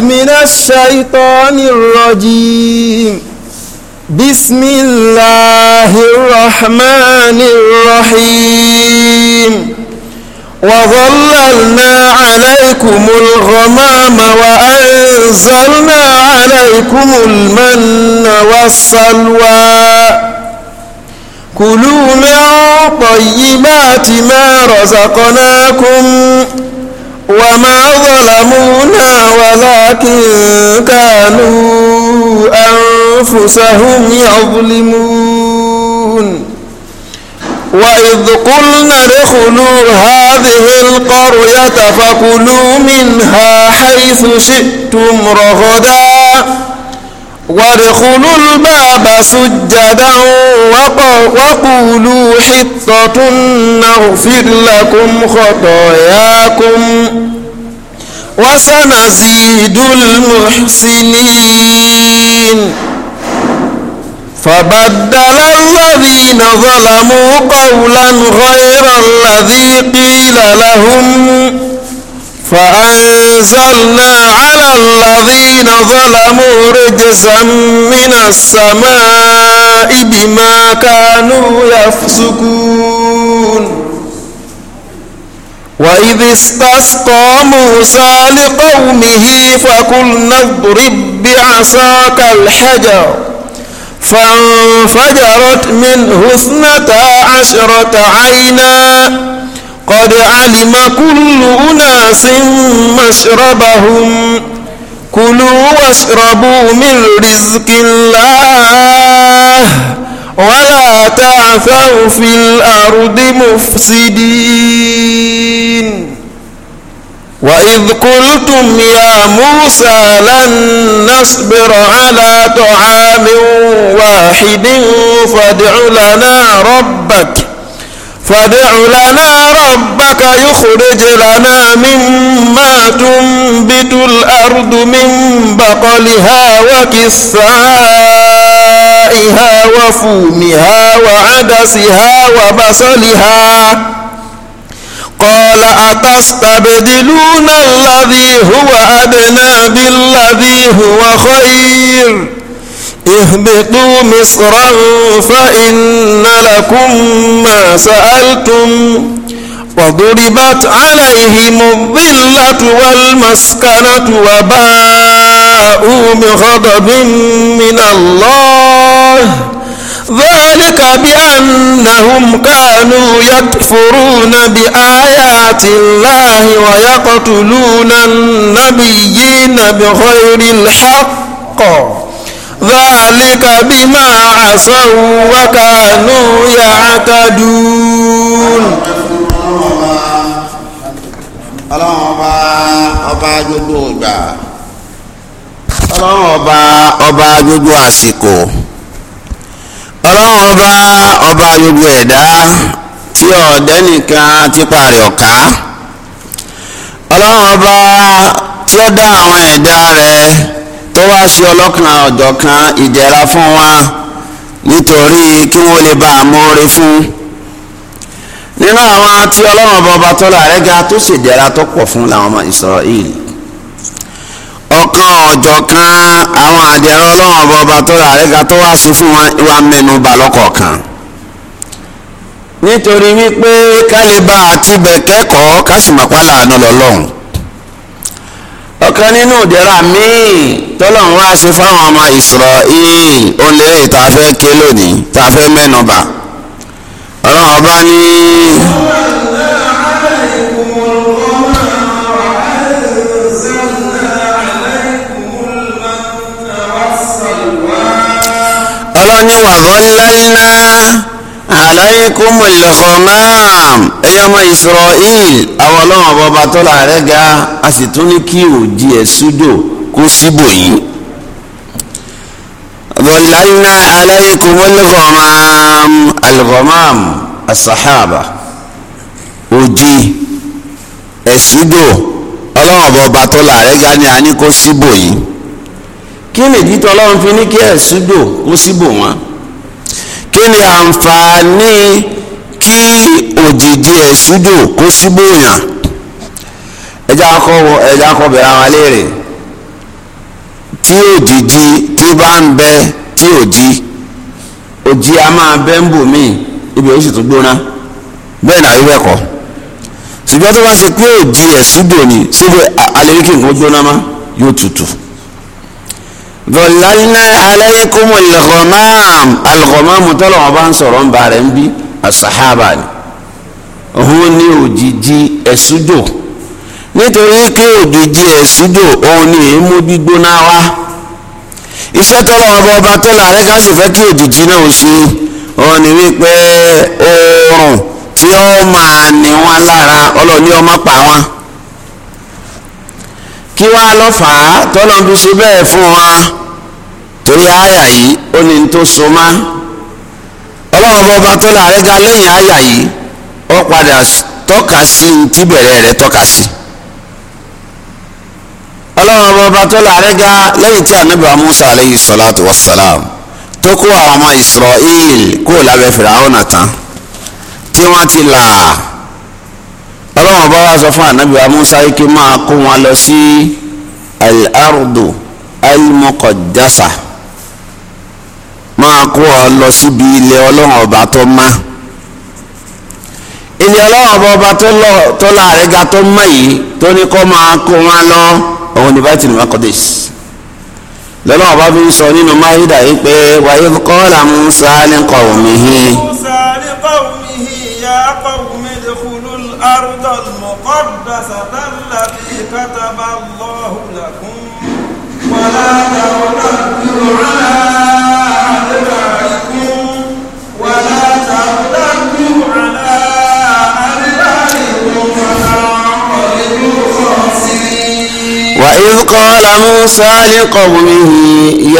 من الشيطان الرجيم بسم الله الرحمن الرحيم وظللنا عليكم الغمام وأنزلنا عليكم المن والسلوى كلوا من طيبات ما رزقناكم وما ظلمونا ولكن كانوا أنفسهم يظلمون وإذ قلنا ادخلوا هذه القرية فكلوا منها حيث شئتم رغدا وادخلوا الباب سجدا وقولوا حطة نغفر لكم خطاياكم وسنزيد المحسنين فبدل الذين ظلموا قولا غير الذي قيل لهم فأنزلنا الذين ظلموا رجزا من السماء بما كانوا يفسقون وإذ استسقى موسى لقومه فقلنا اضرب بعصاك الحجر فانفجرت منه اثنتا عشرة عينا قد علم كل أناس مشربهم كلوا واشربوا من رزق الله ولا تعثوا في الأرض مفسدين وإذ قلتم يا موسى لن نصبر على طعام واحد فادع لنا ربك فادع لنا ربك يخرج لنا مما تنبت الأرض من بقلها وكسائها وفومها وعدسها وبصلها قال أتستبدلون الذي هو أدنى بالذي هو خير اهبطوا مصرا فإن لكم ما سألتم وضربت عليهم الظلة والمسكنة وباءوا بغضب من الله ذلك بأنهم كانوا يكفرون بآيات الله ويقتلون النبيين بغير الحق ذلك بما عصوا وكانوا يعتدون ọlọ́run ọba ọba gbogbo ìgbà ọlọ́run ọba ọba gbogbo àsìkò ọlọ́run ọba ọba gbogbo ẹ̀dá tí ọ̀dẹ́ nìkan ti parí ọ̀ká ọlọ́run ọba tí ó dá àwọn ẹ̀dá rẹ̀ tó wá sí ọlọ́kan ọ̀jọ̀kan ìdẹ̀ra fún wa nítorí kí wọ́n lè bá a mọ́re fún nínú àwọn tí ọlọ́run bọba tọ́lá la ga tó ṣèdẹ̀ra tó pọ̀ fún làwọn ọmọ Ísírẹ́lì ọ̀kan ọ̀jọ̀kan àwọn àdẹ̀rọ ọlọ́run bọba tọ́lá rẹ̀ ga tó wá sí fún wọn ìwà mẹ́nu bà nítorí wípé ká lè bá àti bẹ̀ kẹ́kọ̀ọ́ ká sì mọ̀ pálá àánú lọ́lọ́run ọ̀kan nínú ìdẹ́ra míì tọ́lọ́run wá ṣe fáwọn ọmọ Israel olèrè tá a fẹ́ ké lónìí tá a fẹ́ mẹ́nubà ọlọ́run ọba ní. ọlọ́run ní wàhálà iná alaykumul ghamam ẹ̀yin ọmọ Israel àwọn ọlọ́run ọba tó láàrẹ́ ga a sì tún òjì ẹ̀ kó síbò yìí. ظللنا عليكم الغمام الغمام الصحابة òjì ẹ̀súdò ọlọ́run ọba ọba tó láàrẹ́ ga ni a ní kó síbò yìí kí nìdí tọ́lọ́run fi ní kí ẹ̀súdò kó síbò wọn. kí ni àǹfààní kí òjìji ẹ̀sùjò kó síbòyàn ẹja akọ ẹja akọ àwọn aléèrè tí òjìji tí bá ń bẹ tí òjì òjì a máa bẹ ń bò míì ibi ó sì tún gbóná bẹ́ẹ̀ náà ibẹ̀ kọ́ ṣùgbọ́n tó bá ṣe pé òjì ẹ̀sùjò ni síbi alẹ́ kí gbóná má yóò tutù. dọ̀lálínà aláìkúmù alìkọ̀máàmù alìkọ̀máàmù tọ́lọ̀ ọba ń sọ̀rọ̀ ń ba rẹ̀ ń bí asahaba ni òun ní òjìji ẹ̀sùjò nítorí pé òjìji ẹ̀sùjò òun ní èémú gbígbóná wá iṣẹ́ tọ́lọ̀ ọba ọba tọ́lọ̀ àrẹ́ká sì fẹ́ kí òjìji náà ṣe òun ní wípé oòrùn tí ó máa ní wọn lára ọlọ́ọ̀ni ọmọ pa wọn. kí wàá lọ fà á tọ́nà fi ṣe bẹ́ẹ̀ fún wa torí àyà yìí ó ní tó so má ọlọ́run ọba tó láàrin ga lẹ́yìn àyà yìí ó padà tọ́ka sí ti bẹ̀rẹ̀ rẹ̀ tọ́ka sí ọlọ́run ọba tó láàrin ga lẹ́yìn tí Musa aleyhi salatu wa salam tó kó àwọn ọmọ Israel kó lábẹ́ Fìràwọ́n nàtàn tí wọ́n ti là á. ọlọ́run ọba wa sọ fún anabi wa musa yìí kí máa kó wọn lọ sí al-ardu al-muqaddasa máa kó ọ lọ síbi ilé ọlọ́run ọba tó má ilé ọlọ́run ọba ọba tó láàrin ga tó má yìí tó ní kó máa kó wọn lọ òun ní Baitul Maqdis lọ́lọ́run ọba fi ń sọ nínú máyídà yìí pé wa idh qala Musa li qawmihi. Musa li qawmihi ya qawmi dkhulu. الأرض المقدسة التي كتب الله لكم ولا ترتدوا على أدباركم ولا ترتدوا على أدباركم وتنقلبوا خاسرين وإذ قال موسى لقومه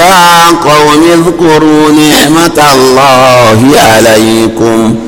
يا قوم اذكروا نعمة الله عليكم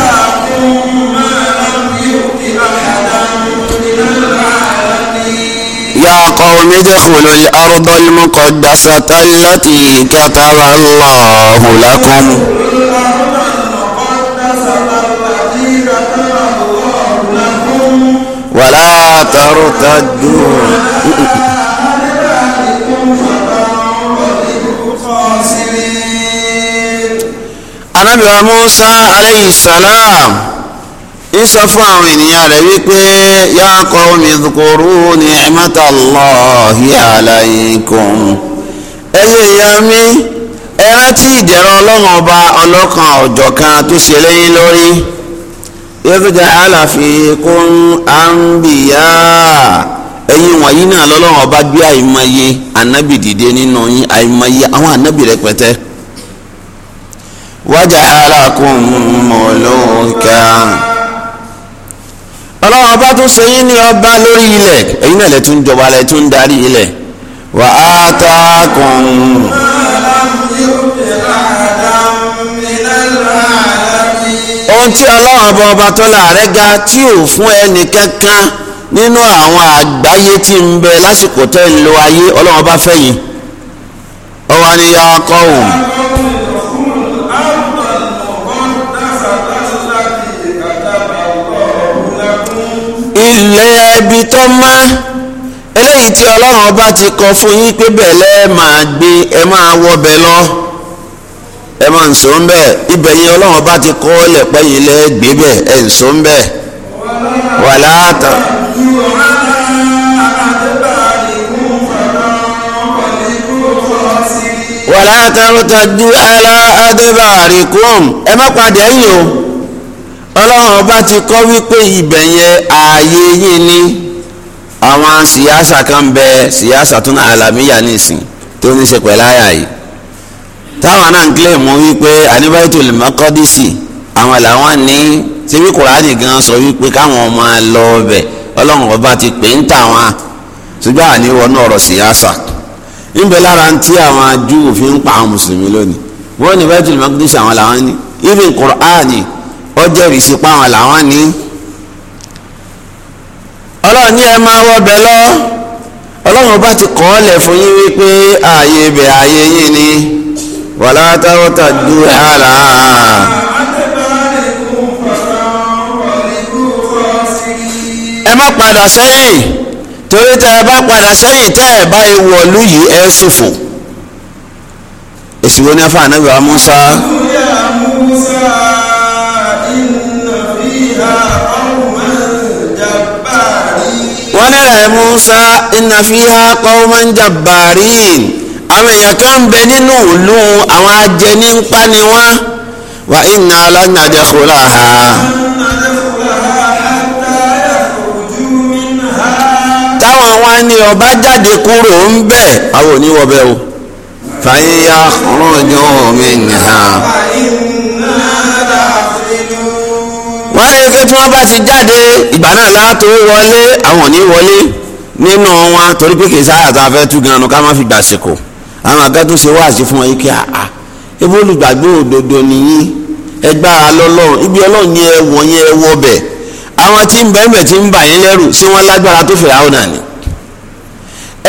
لهم ادخلوا الأرض المقدسة التي كتب الله لكم ولا ترتدوا النبي موسى عليه السلام ìsọ fún àwọn ènìyàn rẹ wípé kọ́ ya ní dhkuru ni'matallahi alaykum ẹ̀yin èèyàn mi ẹ rántí ìdẹ̀rọ̀ ọlọ́run ọba ọlọ́kan ọ̀jọ̀kan tó ṣe lẹ́yìn lórí idh ja'ala fikum anbiya ẹ̀yin wọ̀nyí náà lọ́lọ́run ọba gbé àìmọye ànábì dìde nínú yín àìmọye àwọn ànábì rẹpẹtẹ wa ja'alakum muluka. ọlọ́run ọba tún ṣe yín ní ọba lórí ilẹ̀ ẹ̀yin náà lè tún jọba lè tún darí ilẹ̀ wà á ta kùn. ohun tí ọlọ́run ọba ọba tó rẹ ga tí ò fún ẹnì kankan nínú àwọn àgbáyé tí ń bẹ lásìkò tẹ́ ń lo ayé ọlọ́run ọba fẹ́ yín ọwọ́ ni akọ́wùn. ilẹ̀ ibi tó má eléyìí tí ọlọ́run ọba ti kọ fún yín pé bẹ́ẹ̀ lẹ́ẹ̀ máa gbé ẹ máa wọbẹ̀ lọ ẹ máa ń sùn bẹ́ẹ̀ ibẹ̀ yẹn ọlọ́run ọba ti kọ́ lẹ̀pẹ́ yìí lẹ́ẹ̀ gbé bẹ́ẹ̀ ẹ ń sùn bẹ́ẹ̀ wà látàn. wàlá tàrútàjú àlá àdébàrí kùm ẹ má padà ẹ̀yìn o ọlọ́run ọba ti kọ́ wípé ibẹ̀ yẹn ààyè yín ni àwọn síyáṣà kan bẹ síyáṣà tún náà àlàmíyà nìsín tó ní í ṣe pẹ̀lú àyà yìí táwọn náà ń kílẹ̀ mú wípé Baitul Maqdisi àwọn làwọn ní síbí kùránì gan sọ wípé káwọn máa lọ ọbẹ̀ ọlọ́run ọba ti pè ń tà wọn ṣùgbọ́n àní wọnú ọ̀rọ̀ síyáṣà ńbẹ lára ń tí àwọn Júù fi ń pa àwọn mùsùlùmí lónìí wọ́n ní Baitul Maqdisi àwọn làwọn ní even kùránì kọ́ jẹ́rìí sí páwọn làwọn ní. ọlọ́run ní ẹ máa wọbẹ̀ lọ ọlọ́run bá ti kọ́ ọ́lẹ̀ fún yín wípé ààyè ibẹ̀ ààyè yín ni wàlá táwọ́tà dúró àlà. ẹ má padà sẹ́yìn torí tẹ́ ẹ bá padà sẹ́yìn tẹ́ ẹ bá ìwọ̀lú yìí ẹ ṣòfò èsì wo ni afa anabi wa musa. wọ́n ní rẹ̀ Musa inna fiha qawman jabbarin àwọn èèyàn kan ń bẹ nínú ìlú àwọn ajẹnipa ni wọ́n wa inna lan nadkhulaha. táwọn wa ni ọba jáde kúrò ń bẹ̀ àwọn ò ní wọ bẹ́ẹ̀ o. fa in wọ́n rí fún tí bá ti jáde ìgbà náà wọlé àwọn òní wọlé nínú wọn torí pé kìí sáyà tá a fi gbà sèkò àwọn akẹ́kọ̀ọ́ ṣe fún wọn yìí kí àá ebi olùgbàgbé òdodo nìyí ibi àwọn tí ń bẹ̀ tí ń bà yín lẹ́rù ṣé wọ́n lágbára tó àwọn nàní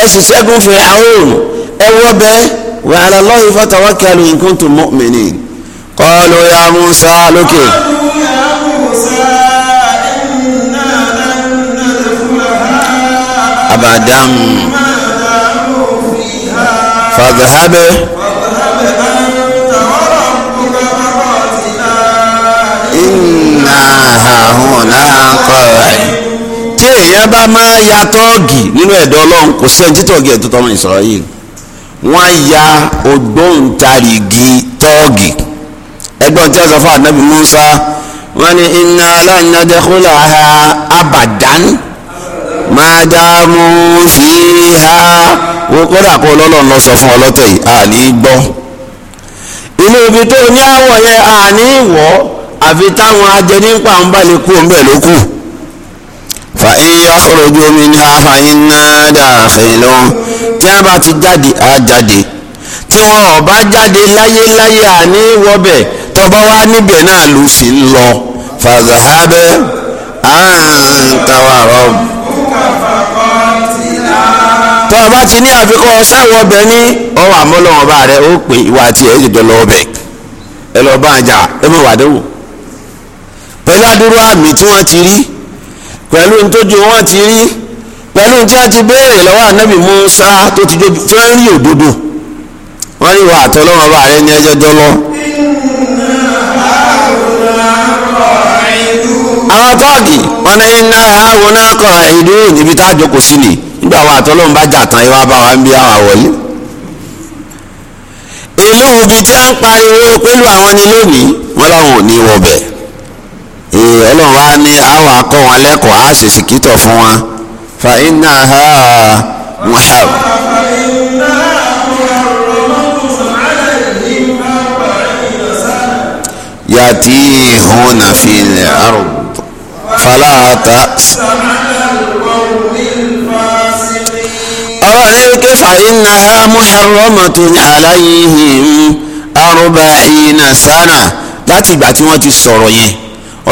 ẹ sì ṣẹ́gun àwọn ẹ أبدا فاذهب أنت وربك فقاتلا إنا هاهنا قاعد tí èèyàn bá máa ya tọ́ọ̀gì nínú ẹ̀dọ́ ọlọ́run kò sí ẹjí tọ́ọ̀gì ẹ̀dọ́ tọ́mọ Ísírẹ́lì wọ́n ya ògbóǹtarìgì tọ́ọ̀gì ẹgbọ́n tí a sọ fún ànábì Mùsá wọ́n ní inna lan nadkhulaha abadan. máa dáàmú fíhá ha kódà kó lọ́lọ́run lọ sọ fún ọ lọ́tọ̀ yìí àní gbọ́ ibi tó ní àwọ̀ yẹn àní wọ́ àfi táwọn ajẹnípa ń balẹ̀ kú ń ló kù fa iya omi afa tí a bá ti jáde á jáde tí wọn ò bá jáde láyéláyé àní tọba wa níbẹ̀ náà ló sì ń lọ tọ́ ọ bá ti ní àfikún ọ̀sáwọ̀ ọbẹ̀ ní ọwọ́ àmọ́lọ́wọ́ bá rẹ ó pè ìwà àti ẹ̀ jọjọ lọ ọbẹ̀ ẹ lọ bá àjà ẹ mọ̀ wà dẹ́wò pẹ̀lú àdúró àmì tí wọ́n ti rí pẹ̀lú ntójú wọn ti rí pẹ̀lú tí wọ́n ti béèrè lọ́wọ́ Musa tó ti dojú tí rí òdodo wọ́n rí ìwà àtọ́lọ́wọ́ bá rẹ ní àwọn tọ́ọ̀gì wọn ní iná àwọn onákọ̀ ìdú níbi tá a jókòó sí ni nígbà wa àtọ́lọ́hún bá jà tán ìwà bá wa ń bí ìlú ibi tí a ń pariwo pẹ̀lú àwọn ni lónìí wọn làwọn ò ní wọ bẹ̀. wa ní àwọn akọ wọn lẹ́kọ̀ọ́ á fún wọn. fa iná ha yàtí hùn nàfin àrùn. فلا تأس أرأيك فإنها محرمة عليهم أربعين سنة láti ìgbà tí wọ́n ti sọ̀rọ̀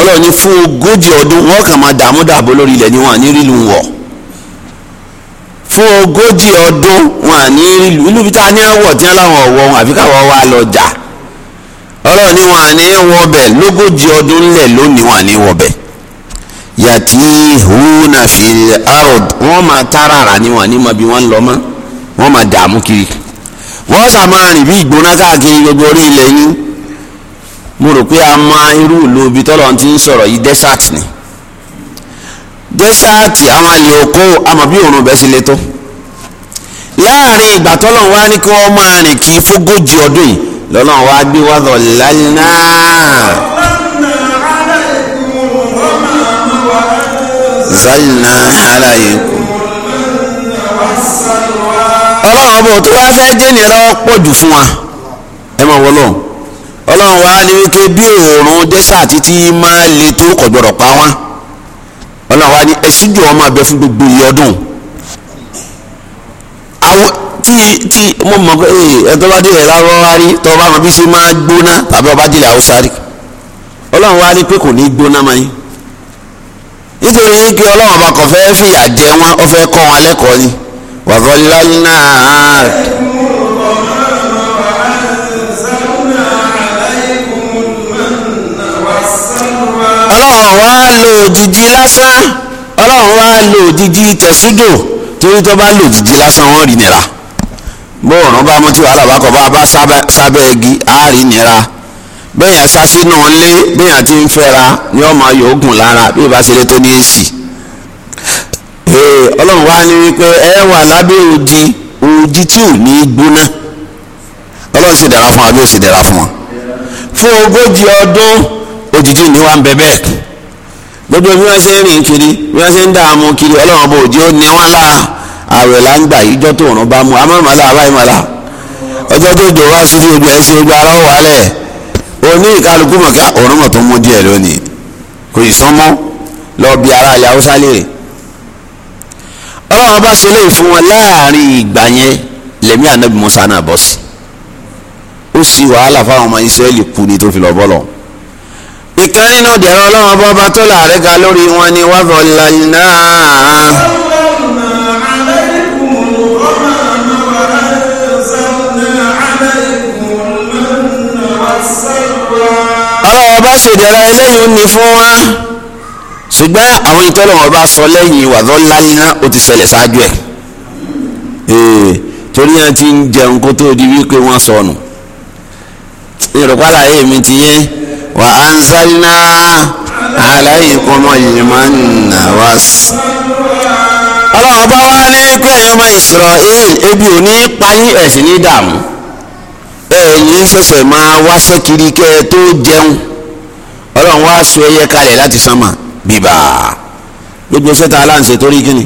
yẹn ní fún ogójì ọdún wọ́n kàn máa dààmú dààbò lórí ilẹ̀ ni wọ́n à ní rí lu wọ̀ fún ogójì ọdún wọ́n à ní rí bí a wọ̀ tí wọ́n láwọn ọ̀wọ́ wọn àfi káwọn wá lọ jà wọ́n à ní wọ̀ bẹ̀ lógójì ọdún ńlẹ̀ lónìí wọ́n à ní bẹ̀ yatlihuna fi ard wọn máa tára ara ni ní ma bí wọn lọ mọ́ wọ́n máa dààmú kiri wọ́n sà máa rìn bí ìgbóná káàkiri gbogbo orí ilẹ̀ yín mo rò pé a máa irú ìlú tọ́lọ̀ ti ń sọ̀rọ̀ yìí desert ni desert àwọn àyè bẹ́ẹ̀ ṣe lè tó láàrin ìgbà tọ́lọ̀ wá ní kí wọ́n máa rìn kí fógójì ọdún zanna aláyẹ̀kù. ọlọ́run ọba tó wá fẹ́ jẹ́nira pọ̀ jù fún wa ẹ máa ọlọ́run wa ni wípé bí òòrùn dẹ́sàtì tí máa le tó kò pa wọ́n wa ni ẹ̀sìn ọmọ abẹ fún gbogbo iye ọdún tí tí mo pé rí wa ni pé kò ní gbóná máa nítorí wípé ọlọ́run ọba kò fẹ́ fìyà jẹ wọn ó fẹ́ kọ́ wọn lẹ́kọ̀ọ́ ni wàzọ́lọ́lá ọlọ́run wá lò òjijì lásán ọlọ́run wá lò òjijì tẹ̀sídò torí tó bá lò òjijì lásán wọ́n rí nira bóòrùn bá mú wàhálà bá kọ̀ bá bá sábẹ́ igi á rí nira. bẹ́yàn náà lé bẹ́yàn ti ń fẹ́ra ni ọmọ yòógùn lára bí ìbá ṣe tó ní èsì. ọlọ́run wá ní wípé ẹ wà lábẹ́ òdi òdi tí ò ní gbóná ọlọ́run sì dára fún wa bí ó sì dára fún wa. fún ogójì ọdún òjijì wà gbogbo bí wọ́n kiri bí wọ́n kiri ọlọ́run ó ní lára àwẹ̀ là ọjọ́ oní ìkálukú mọ̀ká òrùnmọ̀ tó mú díẹ̀ lónìí kò ì sánmọ́ lọ bí ara ilẹ̀ haúsá léèrè ọlọ́run bá ṣe léyìí fún wọn láàrin ìgbà yẹn lẹ́mí ànábì Mùsá náà bọ́ sí ó sì wàhálà fáwọn ọmọ Ísírẹ́lì kú ni tó fi lọ́ọ́ bọ́lọ̀ ìkan nínú dẹ̀rọ ọlọ́run bọ́ bá tó láàrẹ́ lórí wọn ni wàá fọ́ lálẹ́ náà. bá fèdèrè ẹlẹ́yìn ó ní fún wa ṣùgbọ́n àwọn ìtọ́lọ́wọ́n bá sọ lẹ́yìn wàdọ́ láyìnà ó ti ṣẹlẹ̀ ṣáájú ẹ̀ torí yẹn ti ń jẹun kó tó di wípé wọ́n sọnù yorùbá làyè mi ti yé wà á ń sálínà aláìkọ́mọ yìí máa ń nà wá sí. ọlọ́wọ́n bá wá ní pé ẹ̀yin ọmọ Ísírẹ́lì ebi ò ní payín ẹ̀sìn ní dààmú ẹ̀yin ṣẹ̀ṣẹ̀ máa wáṣẹ́ kiri kẹ́ ẹ tó jẹun ọlọ́run wá sọ ẹyẹ kalẹ̀ láti sánmà bíbà gbogbo sẹ́ta aláǹsẹ̀ torí kíni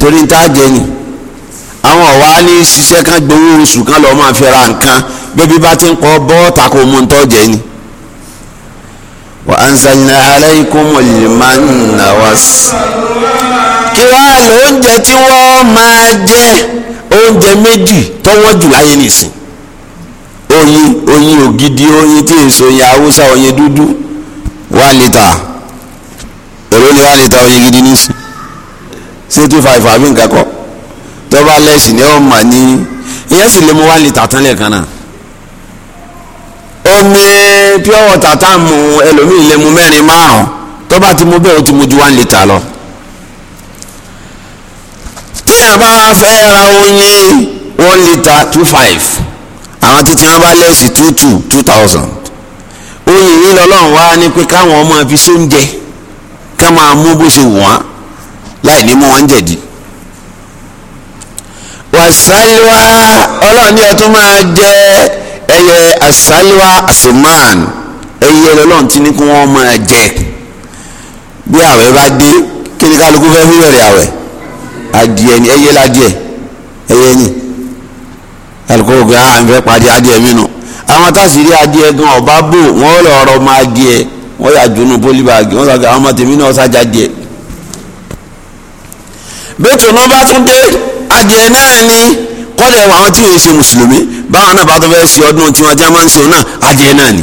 torí ń tá a jẹ ni àwọn ọ̀wá ní ṣiṣẹ́ kan gbowó oṣù kan lọ́ọ́ máa fi ra nǹkan bébí bá ti ń kọ́ bọ́ọ̀tà kó mú un tọ́ jẹ ni. wa anzalna alaykumul manna was. kí wàá lo oúnjẹ tí wọ́n máa jẹ oúnjẹ méjì tọ́wọ́ jù láyé nìsín oyin oyin ògidì oyin tí èso oyin haúsá oyin dúdú one litre èló ni one litre oyin gidi ní ṣé two five five nǹkan kọ tó bá lẹ́sìn ni ó mà ní ìyẹn sì lè mu one litre tán lẹ́ẹ̀kan náà omi pure water tá a mu ẹlòmíì lè mu mẹ́rin márùn tó bá ti mu bẹ́ẹ̀ ó ti mu ju one litre lọ téèyàn bá fẹ́ ra oyin one litre two five àwọn títí wọn bá lẹ́sìn two two two thousand. oyin yìí lọ́lọ́run wá ní pé káwọn ọmọ fi sóúnjẹ ká máa mú bó ṣe wọ́n láì ní mú wọn jẹ̀dí. wàsálíwá ọlọ́run ní ọtún máa jẹ ẹyẹ àsálíwá àsèmán ẹyẹ lọ́lọ́run tí ní kí wọ́n máa jẹ bí àwẹ̀ bá dé kí ni kálukú fẹ́ fi bẹ̀rẹ̀ àwẹ̀ adìẹ ẹyẹ àwọn táṣìírí adìẹ gan ọba bò wọn lọ ọrọ máa díẹ wọn yà jóná pólíbàgì wọn sàgbà àwọn tèmi náà sàjà díẹ. bẹ́ẹ̀tù náà bá tún dé adìẹ náà ni kọ́dà ẹ̀wọ̀n àwọn tí ò ń ṣe mùsùlùmí báwọn náà bá tó fẹ́ẹ́ ṣe ọdún tí wọ́n máa ń ṣe náà adìẹ náà ni.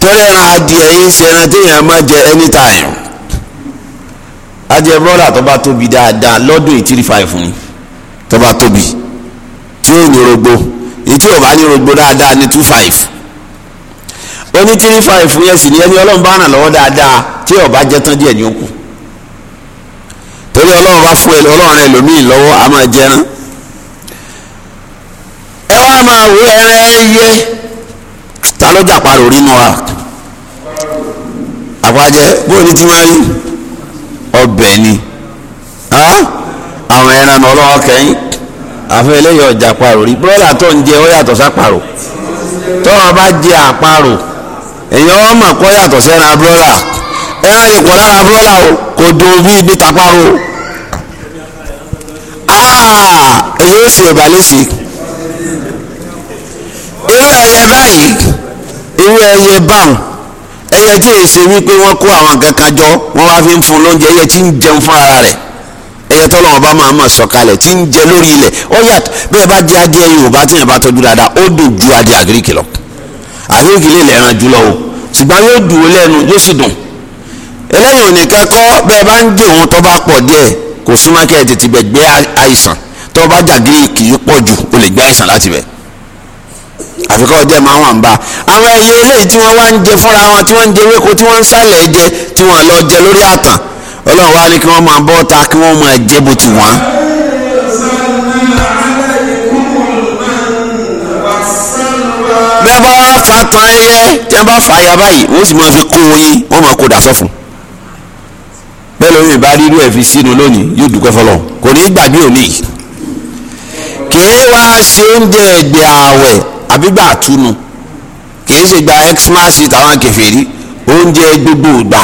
torí ẹran adìẹ yìí ṣe ẹran téèyàn máa jẹ anytime. adìẹ bọ́lá tó bá tóbi dáadáa lọ́dún eighty five ni tó bá tóbi tí ò ní rogbo ìtí ọba bá ní rògbò dáadáa ní two five ó ní three five yẹn sì ni ẹni ọlọ́run bá ràn lọ́wọ́ dáadáa tí ò jẹ́ tán díẹ̀ ní òkú torí ọlọ́run bá fún ọlọ́run rẹ a máa jẹran ẹ wá máa ta ló mọ́ wa bóyá ní tí wọ́n rí ọbẹ̀ ni àwọn àfẹ́ eléyìí ọjà parò rí búrọ́dà tó ń jẹ ó yàtọ̀ sáparò tọ́wọ́ bá jẹ àparò èèyàn wọn mọ̀ kọ́ yàtọ̀ sẹ́ran búrọ́dà ẹ á lára búrọ́dà o kò dùn bí ibi tàparò ah, èyí ó sì ọ̀gá lẹ́sì irú ẹyẹ báyìí irú ẹyẹ báwọn ẹyẹ tí èsì wípé wọ́n kó àwọn kankan jọ wọ́n wá fi ń fún lóúnjẹ ẹyẹ tí ń jẹun fún ara rẹ̀ ẹyẹ tọ́lọ́ ọba máa ma sọ̀kalẹ̀ tí ń jẹ lórí ilẹ̀ ó yàtọ̀ bí ẹ bá jẹ adìẹ yorùbá tí yẹn bá tọ́jú dáadáa ó dùn ju adìẹ àgíríkì lọ àgíríkì lè lè ràn jùlọ o ṣùgbọ́n yóò dùn ó lẹ́nu yóò sì dùn eléyìí ò ní kẹ́kọ́ bí ẹ bá ń jẹ òun tó bá pọ̀ díẹ̀ kò súnmọ́ kẹ́ ẹ tètè bẹ̀ gbé àìsàn tó bá jà gíríkì yìí pọ̀ jù ó lè gbé àìsàn láti bẹ̀ àfikọ́ ọjọ́ máa wà ń bá àwọn ẹyẹ eléyìí tí wọ́n wá ń jẹ fúnra wọn tí wọ́n ń jẹ ewéko tí wọ́n ń sálẹ̀ jẹ tí wọ́n lọ jẹ lórí àtàn ọlọ́run wa ní kí wọ́n máa bọ́ ta kí wọ́n máa jẹ́ bó ti wọ́n. bẹ́ẹ̀ bá wá fa tan ẹyẹ tí wọ́n bá fa ya báyìí wọ́n sì máa fi kó oyin wọ́n máa kó dasọ́ fún. bẹ́ẹ̀ lóyún ìbá rírú ẹ̀ fi sínú lónìí yóò dúpẹ́ fọlọ́ kò ní í gbàgbé òní yìí. wá ṣe oúnjẹ ẹ̀gbẹ́ ààwẹ̀ àbígbà àtúnu kì í ṣe gba xmas tàwọn kẹfẹ́ rí oúnjẹ gbogbo gbà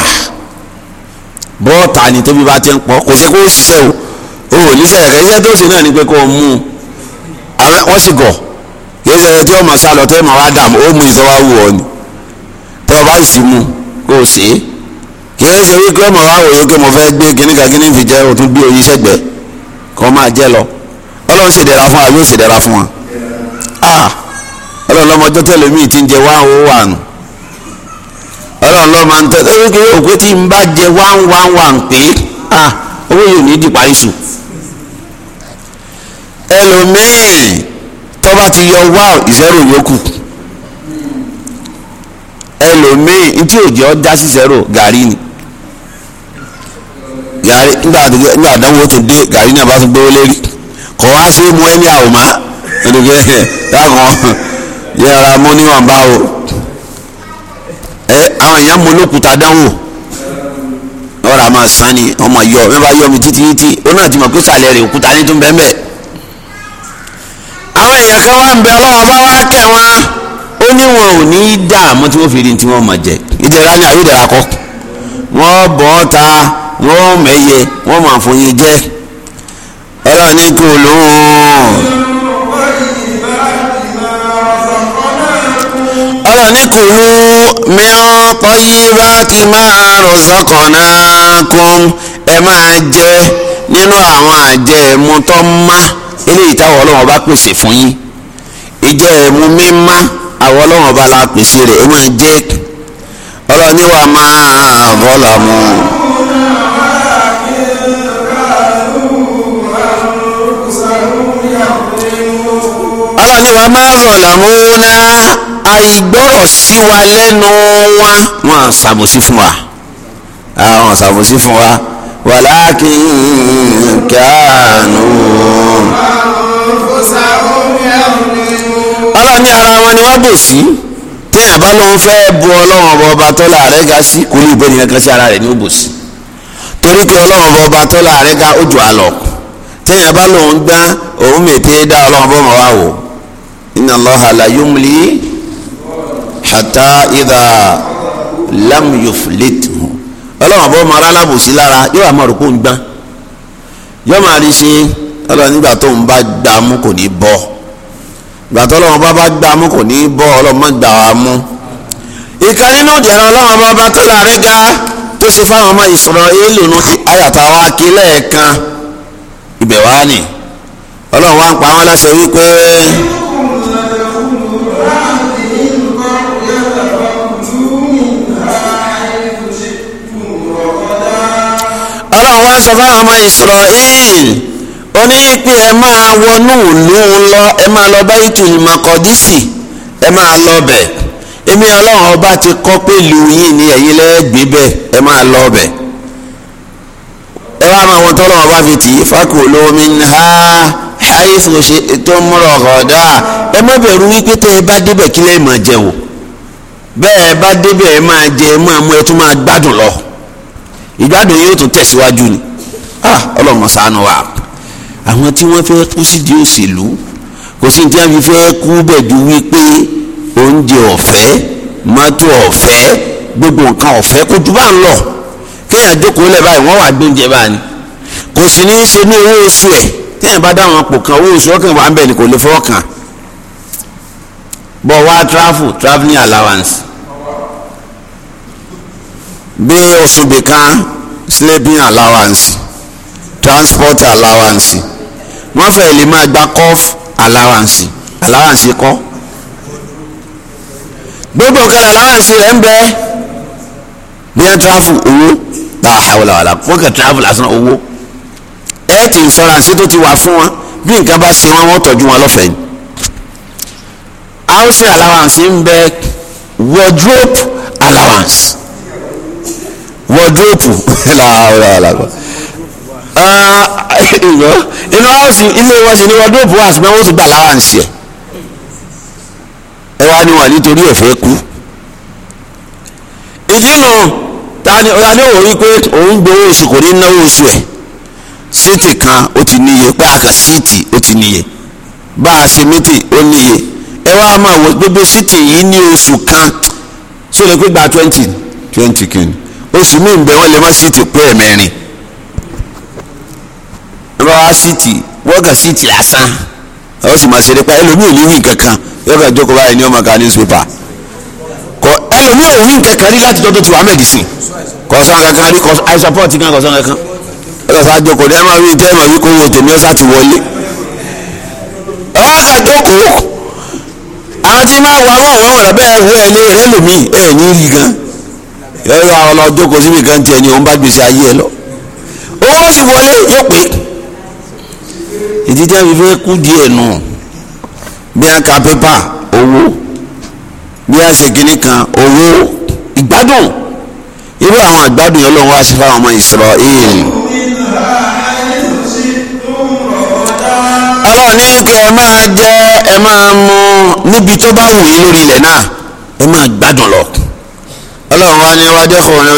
bọ́ọ̀tà ni tóbi bá ti ń pọ̀ kò sí kó ṣe o ò ní sẹ́yìn kẹ́ iṣẹ́ tó ṣe náà ni pé kó o mú un àwọn wọ́n sì gọ̀ kì í ṣe ẹni tí ó máa sá lọ tẹ́ máa wá dààmú ó mú ìṣe wá wù ọ ni tẹ́ ọ bá sì mú kó o ṣe é kì í ṣe wípé ọmọ wa wòye pé mo fẹ́ gbé kíníkà kíní fi jẹ́ o tún gbé oyin sẹ́gbẹ́ kọ́ máa jẹ́ lọ ọlọ́run sì dẹ̀ra fún wa yóò sì dẹ̀ra fún wa ah! ọlọ́run lọ́mọdé tẹ́lẹ̀ mí ti ń jẹ wá owó wà nù ọlọ́run máa ń tọ́ ẹ kí òkú tí jẹ one one one pé owó yóò ní di parí sùn ẹlòmíì tó ti yọ zero yòókù ẹlòmíì tí òjò dá sí zero gàrí ni gàrí nígbà nígbà àdánwò tó dé gàrí náà bá tún gbówó lérí kò wá sí mu ẹni àwòmá o. Eh, àwọn èèyàn mọ olókùúta dánwò ọ̀rọ̀ àmọ́ sani ọmọ yọ bí wọ́n bá yọ mi títí títí ó náà ti mọ̀ pé sàlẹ̀ òkúta ní tún bẹ́ẹ̀ àwọn èèyàn kan wá ń bẹ ọlọ́wọ́ bá wá wọn ó ní wọn ò ní í tí wọ́n fi rí wọ́n mọ̀ wọ́n bọ̀ ọ́ ta wọ́n mẹ́yẹ wọ́n mọ̀ àfọyín jẹ́ lóhùn. ọlọ́ni kùlú mìíràn tọ́yìnbá ti máa rọ̀zọ́kànnà kún ẹ máa jẹ nínú àwọn àjẹ ẹ̀mú tó má eléyìí táwọn ọlọ́wọ́n bá pèsè fún yín ìjẹ ẹ̀mú mímá àwọn ọlọ́wọ́n bá la pèsè rẹ̀ ẹ máa jẹ ọlọ́ni wa máa bọ́là mu. ọlọ́ni wa máa bọ̀là mu náà. àìgbọ́rọ̀ sí wa lẹ́nu wa wọ́n ṣàbòsí fún wa àwọn ṣàbòsí fún wa wàlákin kánú. ọlọ́run ní ara wọn ni wọ́n bò sí tí àbá ló fẹ́ bu ọlọ́run ọba ọba tó láàrẹ́ ga sí kò ní ìbọn sí ara rẹ̀ ní òbòsí torí pé ọlọ́run ọba ọba tó ga ó àlọ́ tí àbá ló ń òun mètè dá ọlọ́run bọ́ mọ́ wò hàtà idha lámùyòfìlẹ́tì hàn ọlọ́wọ́n bọ́ mara alábòsí lára yóò àmọ́ rò kó ń gbá yóò máa rí ṣe ọlọ́wọ́n nígbà tó ń bá gbà mú kò ní bọ́ gbà tó ọlọ́wọ́n bá bá gbà mú kò ní bọ́ gbà mú. nínú sọ fáwọn ọmọ Israel ó ní pé ẹ máa wọnú ìlú lọ ẹ máa lọ Baitul Maqdisi ẹ máa lọ bẹ̀ èmi ọlọ́run ọba ti kọ́ pé ìlú yìí ni ẹ̀yin lẹ́gbẹ̀ẹ́ bẹ̀ ẹ máa lọ bẹ̀ ẹ wá máa wọn tọ́lọ́ ọba fi tì í fakulu minha haythu shi'tum raghada ẹ má bẹ̀rù wípé tẹ́ ẹ bá débẹ̀ kí lẹ́ẹ̀ máa jẹun bẹ́ẹ̀ bá débẹ̀ ẹ máa jẹ ẹ máa mú ẹ tún máa gbádùn lọ ìgbádùn yóò tún tẹ̀síwájú ni ah ọlọ́run ṣàánú wa àwọn tí wọ́n fẹ́ kú sídìí òṣèlú kò sí ní tí wọ́n fi fẹ́ kú bẹ̀ ju wípé oúnjẹ ọ̀fẹ́ mọ́tò ọ̀fẹ́ gbogbo nǹkan ọ̀fẹ́ kò jù bá ń lọ kéèyàn jókòó lẹ̀ báyìí wọ́n wà gbóúnjẹ báyìí kò sì ní í ṣe ní owó oṣù ẹ̀ téèyàn bá dáhùn àpò kan owó oṣù ọkàn wà ń bẹ̀ ni kò lè fọwọ́ kàn bọ̀ wá travel travelling allowance bí oṣù bìkan sleeping allowance transport allowance wọ́n fẹ́ lè máa gba cough allowance allowance kọ́ gbogbo kan allowance rẹ̀ ń bẹ bí wọ́n travel owó làwàlàwàlà wọ́n kàn travel lásán owó health insurance tó ti wà fún wọn bí nǹkan bá ṣe wọn wọ́n tọ́jú wọn lọ́fẹ̀ẹ́ ni housing allowance ń bẹ wardrobe allowance wọ́dúrópù làwọn àlàkọ́ ìgbọ́ inú àwòsí ilé wọn ṣe ni wọ́dúrópù wà ṣùgbọ́n wọ́n tún gbà láwàǹsì ẹ̀ ẹ wá ní wọn nítorí òfé kú ìdínú tani ọ̀yà ni òun rí pé òun gbowó oṣù kò ní náwó oṣù ẹ̀ síìtì kan ó ti níye páàkà síìtì ó ti níye bá a ṣe mítì ó níye ẹ wá máa wọ gbogbo síìtì yìí ní oṣù kan sóde pé gba twenty twenty kìíní oṣù míì ń bẹ wọ́n lè má síìtì pé ẹ̀mẹ́rin wọ́n á síìtì wọ́n kàn síìtì lásán ó sì máa ṣeré pa ẹlòmíì ò ní wí kankan yóò kàn jókòó báyìí ní ọmọ kan newspaper kọ ẹlòmíì ò ní kankan rí láti dọ́dọ̀ tí wàá mẹ́dísìn kọ̀ọ̀sán kankan rí kọ̀ọ̀sán i support kan kọ̀ọ̀sán kankan ẹlọ́sà jókòó ní ẹ máa wí tẹ́ ẹ máa wí kó wo tèmi ọ̀sà ti wọlé ọ̀sà jókòó àwọn tí máa wọ àwọn ọ̀rọ̀ bẹ́ẹ̀ wọ ẹ̀ lé ẹ̀ ní rí gan-an yọ̀ọ́yà ọlọ́jọ́kọ̀ síbi kan tiẹ̀ ni òun bá gbèsè ayé ẹ lọ owó sì wọlé yóò pé ìdíjà mi fẹ́ kú díẹ̀ nù bí a ka pépà owó bí a ṣe kíní kan owó ìgbádùn irú àwọn àgbádùn yẹn lọ́wọ́ aṣọ fáwọn ọmọ Israel. ọlọ́run ní kẹ́ ẹ máa jẹ ẹ máa mu níbi tó bá wù yín lórí ilẹ̀ náà ẹ máa gbádùn lọ ọlọ́run wa ni wọ́n jẹ́ fún ọ̀nà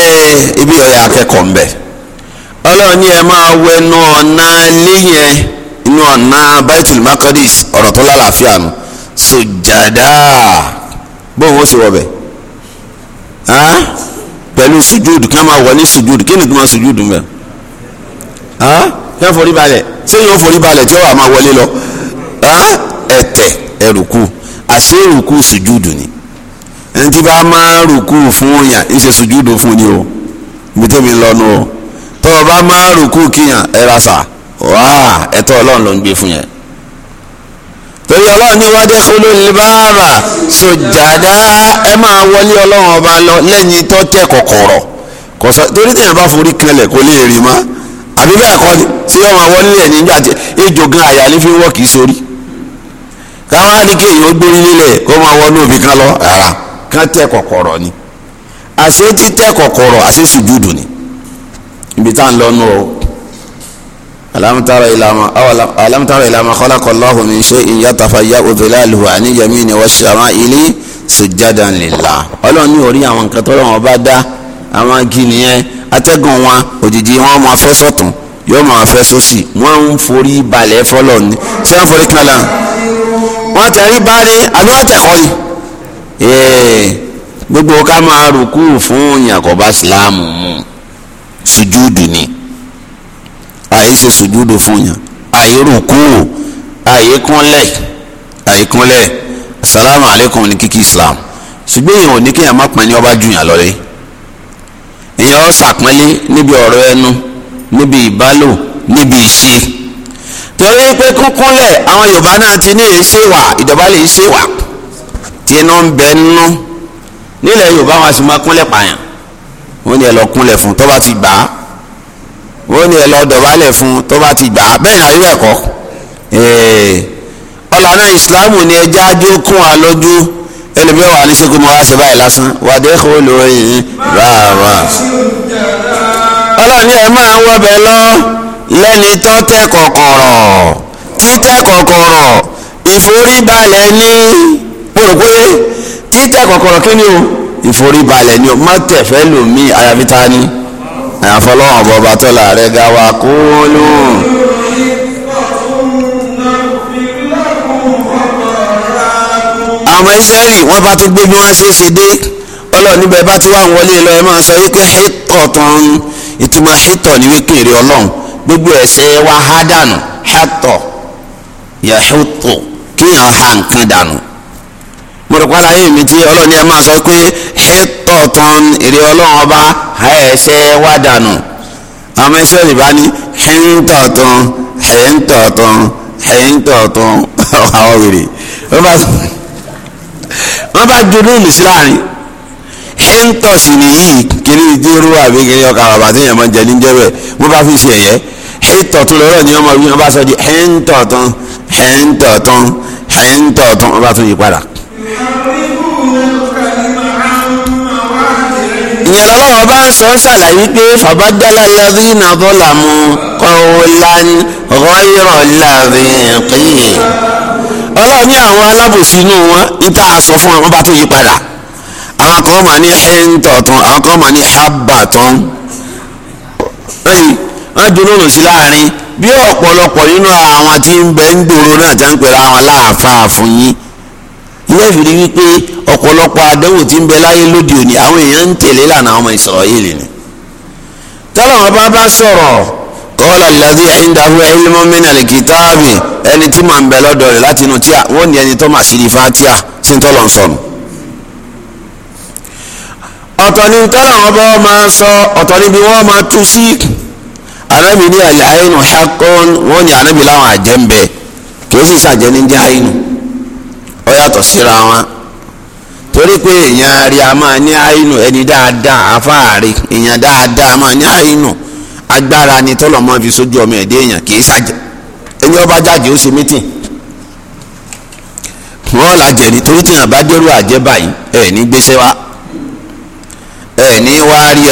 wẹ́n. ibi ọ̀yà akẹ́kọ̀ọ́ ń bẹ̀ ọlọ́run ni ẹ máa wọ ẹnu ọ̀nà léyìn inú ọ̀nà baitul makadis ọ̀rọ̀ tó lálàáfíà nù sùjàdá bóun ó sì wọ bẹ̀ pẹ̀lú sùjúdù kí wọ́n máa wọ ní sùjúdù kí ni kí wọ́n sùjúdù mẹ́ kí wọ́n forí balẹ̀ ṣé yóò forí balẹ̀ tí wọ́n máa wọlé lọ ẹ̀tẹ̀ ẹ̀rùkù àṣé rùkú sùjúdù ni ẹni tí bá máa rùkú fún yàn ń ṣe sùjúdù fún ni o ibi tẹ́mi lọ́nu o tọ́ ọ bá máa rùkú kíyàn ẹ ra sà wá ẹ̀tọ́ ọlọ́run ló ń gbé fún yẹn torí ọlọ́run ní wọ́n dẹ́ kúló libáàbà ẹ máa wọlé ọlọ́run ọba lọ lẹ́ni tó tẹ̀ kọ̀kọ̀rọ̀ kọ̀sọ́ torí téèyàn bá forí kanlẹ̀ kó lè rí mọ́ àbí bẹ́ẹ̀ kọ́ ni tí yóò máa wọlé ẹ̀ nígbà tí ejò gan àyà ní fi wọ́ kì í sórí káwá ní kéèyàn ó gbórí nílẹ̀ kó máa wọnú òbí kan lọ rárá kán tẹ kọ̀kọ̀rọ̀ ni àṣé títẹ kọ̀kọ̀rọ̀ àṣé sùjúdù ni ibi tá à ń lọ nù o alamtara ilama alamtara ilama khalaqallahu min shay'in yatafayya'u dhilaluhu 'an yamini wash-shama'ili sujjadan lillah ọlọ́run ní orí àwọn nǹkan tó lọ́wọ́ bá dá àwọn igi nìyẹn atẹ́gùn wọn òjijì wọn máa fẹ́ sọ̀tún yóò máa fẹ́ sósì wọ́n ń forí balẹ̀ fọlọ́ ni ṣé wọ́n forí kan lánàá wọ́n tẹ̀rí bá ní àbí wọ́n tẹ̀kọ́ yìí gbogbo ká máa rùkú fún yàkọ̀bá sílámù mu sùjúdù ni àyè ṣe sùjúdù fún yàn àyè rùkú àyè kúnlẹ̀ àyè kúnlẹ̀ asalaamu aleykum ní kíkí islam ṣùgbọ́n èèyàn ò ní kéèyàn má pọn ní ọba ju yàn lọ́lẹ́ èèyàn ó ṣàpọ́nlé níbi ọ̀rọ̀ ẹnu níbi ìbálò níbi ìṣe torí pé kúnkúnlẹ̀ àwọn yorùbá náà ti ní èyí ṣèwà ìjọba lè ṣèwà tinú ń bẹ nínú nílẹ̀ yorùbá wọn a sì máa kúnlẹ̀ pààyàn wọ́n ní ẹ lọ kúnlẹ̀ fún tó bá ti gbà á wọ́n ní ẹ lọ dọ̀bálẹ̀ fún tó bá ti gbà á bẹ́ẹ̀ ni àyè ẹ̀kọ́ ọ̀làná ìsìláàmù ni ẹja ajó kún wa lójú ẹlẹ́mìíràn wà ní sẹ́kùn mọ́ra ṣe báyìí lásán wàdé kò lóyìn rárá ọlọ́ọ̀ni ẹ máa wọ́ bẹ́ẹ̀ lọ́ọ́ lẹ́ni tó tẹ́ kọ̀kọ̀rọ̀ títẹ́ kọ̀kọ̀rọ̀ ìforíbalẹ̀ ni mo rò pé títẹ́ kọ̀kọ̀rọ̀ kí ni o ìforíbalẹ̀ ni o má tẹ̀ fẹ́ lò mí àyàfi ta ni àfọlọ́wọ́n bọba tọ́lá rẹ̀ ga wa kó lóhùn. àwọn ìsírẹ́lì wọ́n bá tún gbé bí wọ́n ṣe ṣe dé ọlọ́ọ̀ni bẹ́ẹ̀ bá ti wá wọlé lọ ẹ máa sọ wípé hítọ̀ tán ìtumọ̀ hítọ̀ ni wípé èrè ọlọ́run gbogbo ẹ̀ṣẹ̀ wa há dànù hàtọ̀ yàhùtò kéèyàn há nǹkan dànù mo rò padà yé mi tí ọlọ́ni ẹ máa sọ pé hẹ́tọ̀ tán èrè ọlọ́run ọba há ẹ̀ṣẹ̀ wa dànù àwọn ẹ̀ṣẹ̀ rìbá ní hẹ́ńtọ̀ tán hẹ́ńtọ̀ tán hẹ́ńtọ̀ tán àwọn wèrè wọ́n bá ju rúùmù láàrin hẹ́ńtọ̀ sì nìyí kiri dírú àbí kiri ọkà bàbá tí jẹ ní bẹ́ẹ̀ wọ́n bá fi ṣe ẹ̀yẹ́ hẹ́ńtọ̀tún lọ́rọ̀ ni wọ́n máa wí wọ́n bá sọ di hẹ́ńtọ̀tún hẹ́ńtọ̀tún hẹ́ńtọ̀tún wọ́n bá tún yí padà. ìyẹn lọ́wọ́ bá sọ ń ṣàlàyé pé fàbájálá lọ́dún iná bọ́là mu kọ́wọ́lán rọ́yọ̀ láàrin pín. àwọn alábòsí inú wọn níta sọ fún wọn bá tún yí padà àwọn kan máa ní hẹ́ńtọ̀tún àwọn kan máa ní hábàtún. ajúlóòrò sí láàrin bí ọ̀pọ̀lọpọ̀ nínú àwọn tí ń bẹ ń gbòòrò náà ti ń pèrè àwọn láàfáà fún yín ilé ìfìdí wípé ọ̀pọ̀lọpọ̀ àdánwò tí ń bẹ láyé lóde òní àwọn èèyàn ń tẹ̀lé lànà ọmọ ni bá bá sọ̀rọ̀ kọ́lá ìlàdí lè ẹni tí ń bẹ lọ́dọ̀ ẹni tó ọ̀tọ̀ ni bá máa sọ ọ̀tọ̀ níbi máa anábì ní àlẹ́ àyínú ṣàkóń wọ́n ní anábì láwọn àjẹ́ ń bẹ̀ kìí sì ṣàjẹ́ ní jẹ́ àyínú ó yàtọ̀ wọn torí pé èèyàn àrí a máa ẹni dáadáa afáàrí èèyàn dáadáa máa ní àyínú agbára ni tọ́lọ̀ fi sójú ọmọ èèyàn ọba jáde ó mítìn nítorí tí báyìí ní wa ní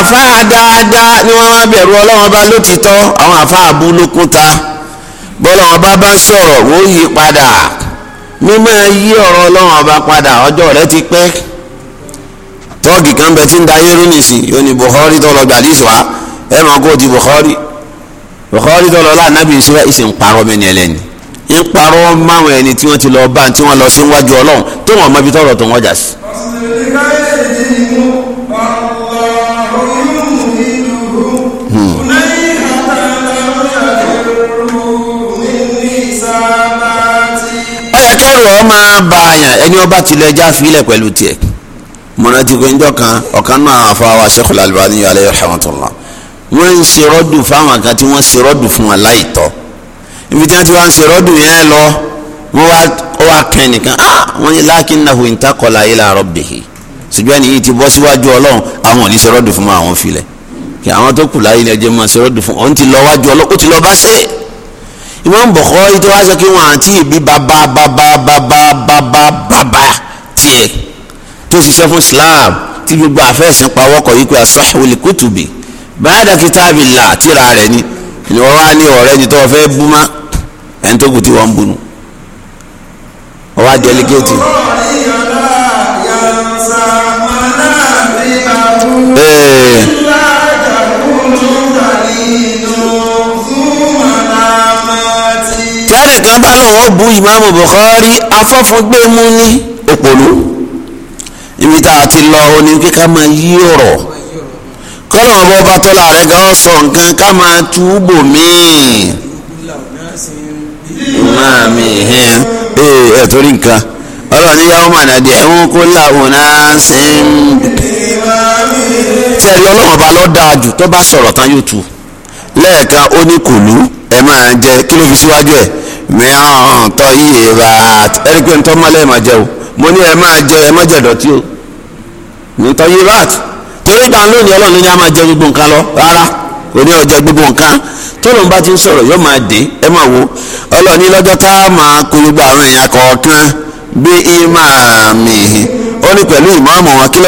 àfáà dáadáa ni wọ́n wá bẹ̀rù ọlọ́wọ́n bá lótìtọ́ àwọn àfáà bú lókúta bọ́lọ́wọ́n bá bá sọ̀rọ̀ wọ́n yí padà mímọ́ yí ọ̀rọ̀ ọlọ́wọ́n bá padà ọjọ́ rẹ ti pẹ́ tọ́ọ̀gì kan bẹ tí ń da yẹ́rú nìsín yóò ní Bukhari tọ́lọ gbàdísì wá ẹ máa kó ti Bukhari Bukhari tọ́lọ lánàbì ìṣúra ìsìn parọ́ mẹ́ni ẹlẹ́ni ń máwọn ẹni tí wọ́n ti lọ bá tí wọ́n lọ sí wájú Ọlọ́run tó wọ́n mọ ibi tọ́rọ̀ tó wọ́n jà sí. kọ́rọ̀ máa bá àyàn ẹni ọba tilẹ̀ já filẹ̀ pẹ̀lú tiẹ̀ mọ̀nà ti pé njọ́ kan ọ̀kan náà àfa wa Sheikhul Albani alayhi rahmatullah wọ́n ń ṣe rọ́dù fáwọn kan tí wọ́n ṣe rọ́dù fún wọn láìtọ́ ibi tí wọ́n ti wá ń ṣe rọ́dù yẹn lọ wọ́n wá ó wá kẹ́ nìkan ah wọ́n ní lakinnahu intaqala ila rabbihi ṣùgbọ́n ẹni yìí ti bọ́ síwájú ọlọ́run àwọn ò ní ṣe rọ́dù fún wọn àwọn filẹ̀ kí àwọn tó kù láyé ni ẹjẹ́ máa ṣe rọ́dù fún wọn ó ti lọ wájú ọlọ́run ó ti lọ bá ṣe é Imam Bukhari tó wá sọ kí wọn àti ìbí bàbá bàbá bàbá bàbá bàbá tiẹ̀ tó ṣiṣẹ́ fún Islam tí gbogbo àfẹ́sìn pawọ́kọ̀ yìí pé asahul kutubi ba'da kitabillah tíra rẹ̀ ni ìwọ wá ní ọ̀rẹ́ ni tó fẹ́ bú má ẹni tó kù tí wọ́n ń bunu ọwọ́ àjẹlẹ́gẹ́tì. ẹ̀ẹ́. tábàlà wọn bu ìmáàmù Bukhari afọ́fúngbẹ́mú ní òpòlú ibi tá a ti lọ oní kíkà máa yí ọ̀rọ̀ kọ́nà ọba ọba tọ́lá rẹ̀ gan sọ nǹkan ká máa tú bò míì máa mi hẹ́n ee ẹ̀ torí nǹkan ọlọ́run ní yàwó màdà dé ẹ̀hún kó làwọn náà ṣe ń tẹ̀lé ọlọ́run ọba lọ́ dáa jù tó bá sọ̀rọ̀ tán yóò tu lẹ́ẹ̀ka ó ní kùlú ẹ̀ máa jẹ kí ló fi síwájú ẹ̀ mìíràn tọ́ yìí bá ẹni pé ntọ́ mọ́lẹ́ máa jẹ o mo ní ẹ máa jẹ ẹ má jẹ tí o ní tọ́ iye bá torí ìgbà lónìí ọlọ́run ní a máa jẹ gbogbo nǹkan lọ rárá òní ní gbogbo nǹkan tó lóun bá yóò máa dé máa wo ọlọ́run ní lọ́jọ́ máa kó gbogbo àwọn èèyàn bí ó ní pẹ̀lú wọn kí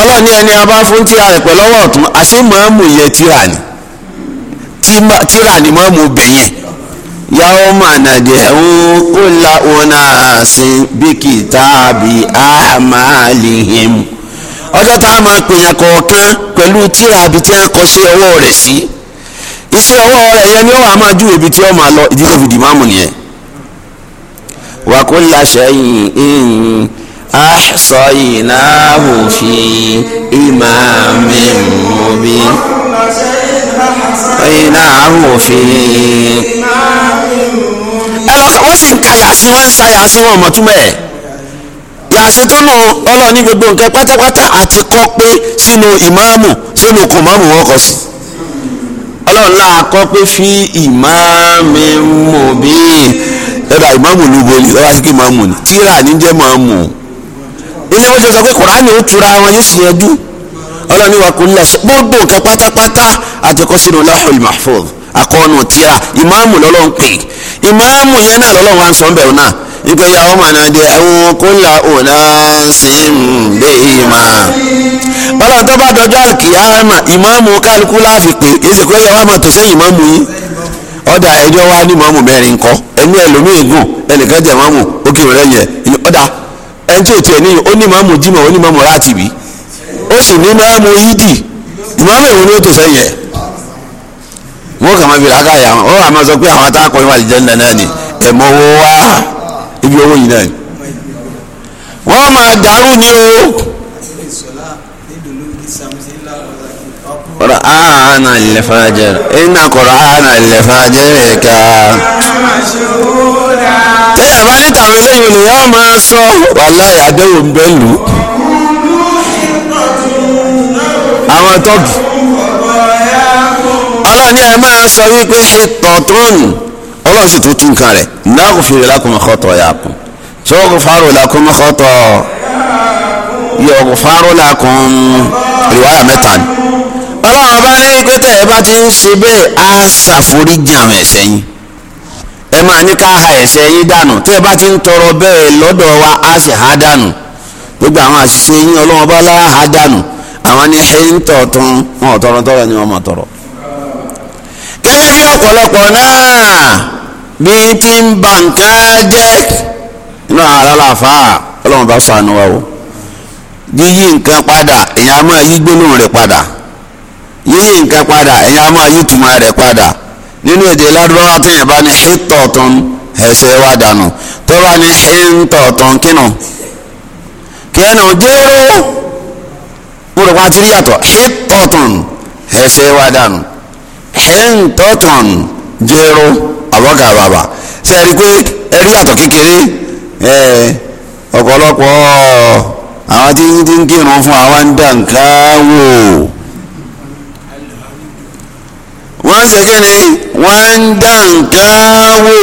ọlọ́ni ẹni abá fún tíra rẹ̀ pẹ̀lú ọwọ́ ọ̀tún àṣé màámù yẹn tíra ni tíra ni màámù bẹ̀ yẹn yàwó mànàdé ń wọn ọ̀nà àsìn bí kìtàbí àmàlìhìm ọjọ́ tá a máa pèèyàn kọ̀ọ̀kan pẹ̀lú tíra ibi tí a kọ́ sí ọwọ́ rẹ̀ sí iṣẹ́ ọwọ́ rẹ̀ yẹn ni ó wà máa ju ibi tí ó máa lọ ìdílé fìdí màámù nìyẹn wàkúlà ṣẹ́yìn ẹ̀yìn. أحصيناه في إمام مبين أحصيناه في wọ́n sì ń ka yàsí wọ́n ń sa yàsí wọn mọ̀ túmọ̀ ẹ̀ yàsí tó lò ọlọ́ọ̀ni gbogbo nǹkan pátápátá àti kọ́ pé sínú ìmáàmù sínú kùmáàmù wọn kọ sí ọlọ́run náà kọ́ pé fi ìmáàmù mọ̀ bí ẹ̀dá ìmáàmù ló wọlé ọlọ́run kí ìmáàmù ni tíra ní jẹ́ máàmù ìyẹn wọ́n ti sọ pé kùránì ń tura wọn yóò sì yanjú ọlọ́ni wa kò lẹ̀ gbogbo nǹkan pátápátá àjẹkọ́ sínú lahul mahfuz akọ́nù tíra ìmáàmù lọ́lọ́run pè ìmáàmù yẹn náà lọ́lọ́run wa ń sọ bẹ̀rù náà ìgbé yàwó màná di àwọn kólà òlà ṣìn dé ìmà. bọ́lá tó bá dọjọ́ àkìyàmà ìmáàmù kálukú láàfi pé èsì pé yàwó àmà tó ìmáàmù yìí ọ̀dà ẹjọ́ wa ní ìmáàmù mẹ́rin kọ́ ẹ̀mí ẹlòmíì gùn ẹnìkan jẹ̀ ìmáàmù ó kì í ọ̀dà ẹni tí ò tiẹ̀ ní ó ní ìmáàmù jimá ó ní ìmáàmù rátìbí ó sì ní ìmáàmù yídì ìmáàmù ìwọ ni ó tó sẹ́yìn ẹ̀ wọ́n kà máa fi rákà yà wọ́n wà máa sọ pé àwọn atákọ̀ ìwà àlìjẹ́ndà náà ni ẹ̀mọ́ owó wá ibi owó yìí náà ni wọ́n máa dàrú ni o. Qur'ana al-fajr inna Qur'ana al-fajr ka tẹ́ ẹ̀ bá ní tàbí sẹ́yìn lèyàn máa sọ wàláì àdéhùn ń bẹ́ lù ú. àwọn tọ́kì ọlọ́ọ̀ni ẹ máa sọ wípé ìtọ̀tún ọlọ́ọ̀ sì tún tún kan rẹ̀ naghfir lakum khatayakum tughfaru lakum khatayakum yughfaru lakum riwaya mẹ́ta ni ọlọ́ọ̀ bá ní pé ẹ bá ti ń ṣe bẹ́ẹ̀ á ṣàforíjì àwọn ẹ̀ṣẹ̀ yín máa ní ká ha ẹ̀ṣẹ̀ yín dànù tẹ́ ẹ bá ti ń tọrọ bẹ́ẹ̀ lọ́dọ̀ wa á sì ha dànù gbogbo àwọn àṣìṣe yín ọlọ́wọ́n bá lára ha dànù àwọn ní ẹ̀yìn tọ̀tún wọn ò tọrọ tọrọ ni wọn mọ̀ tọrọ. gẹ́gẹ́ bí ọ̀pọ̀lọpọ̀ náà bí ti ń ba nǹkan jẹ́ inú àwọn aláfa ọlọ́wọ́n bá sànù wa o yíyí nǹkan padà èèyàn máa yí gbólóhùn rẹ̀ padà yíyí nǹkan padà èèyàn máa yí tùmọ̀ rẹ̀ padà nínú èdè ládùúgbò téèyàn bá ní hítọ̀tàn ẹsẹ̀ wa dànù tó bá ní hítọ̀tàn kínú kínú jẹ́rú mùrùpá ti yàtọ̀ hítọ̀tàn ẹsẹ̀ wa dànù hítọ̀tàn jẹ́rú àbọ̀gà bàbà ṣe ẹ̀rí pé ẹ̀rí yàtọ̀ kékeré ọ̀pọ̀lọpọ̀ àwọn tí ń kírun fún àwa ń dà ń ká wò ó wọ́n ṣe kí ni wọ́n ń dá nǹkan wò àwọn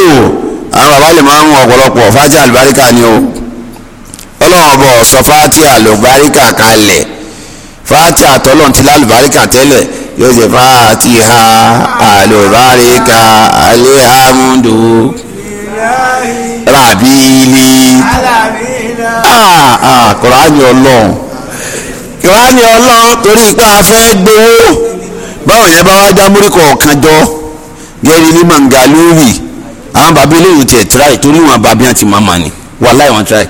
bàbá lè máa ń mú ọ̀pọ̀lọpọ̀ fájà àlùbáríkà ni o ọlọ́run ọba ọ̀sọ́ fájà àlùbáríkà kalẹ̀ fájà àtọ́lọ́n ti lálùbáríkà tẹ́lẹ̀ yóò ṣe fájà àlùbáríkà alihamudu rabili ah, ah, kùránì ọlọ́run kùránì ọlọ́run torí pé a gbowó báwọn yẹn bá wá já múrí kọ̀ọ̀kan jọ gẹ́rí ní mangalori àwọn bàbá eléyìí tiẹ̀ tíráì torí wọn bàbá yẹn ti máa mà ní wàhálà ìwọ̀n tíráì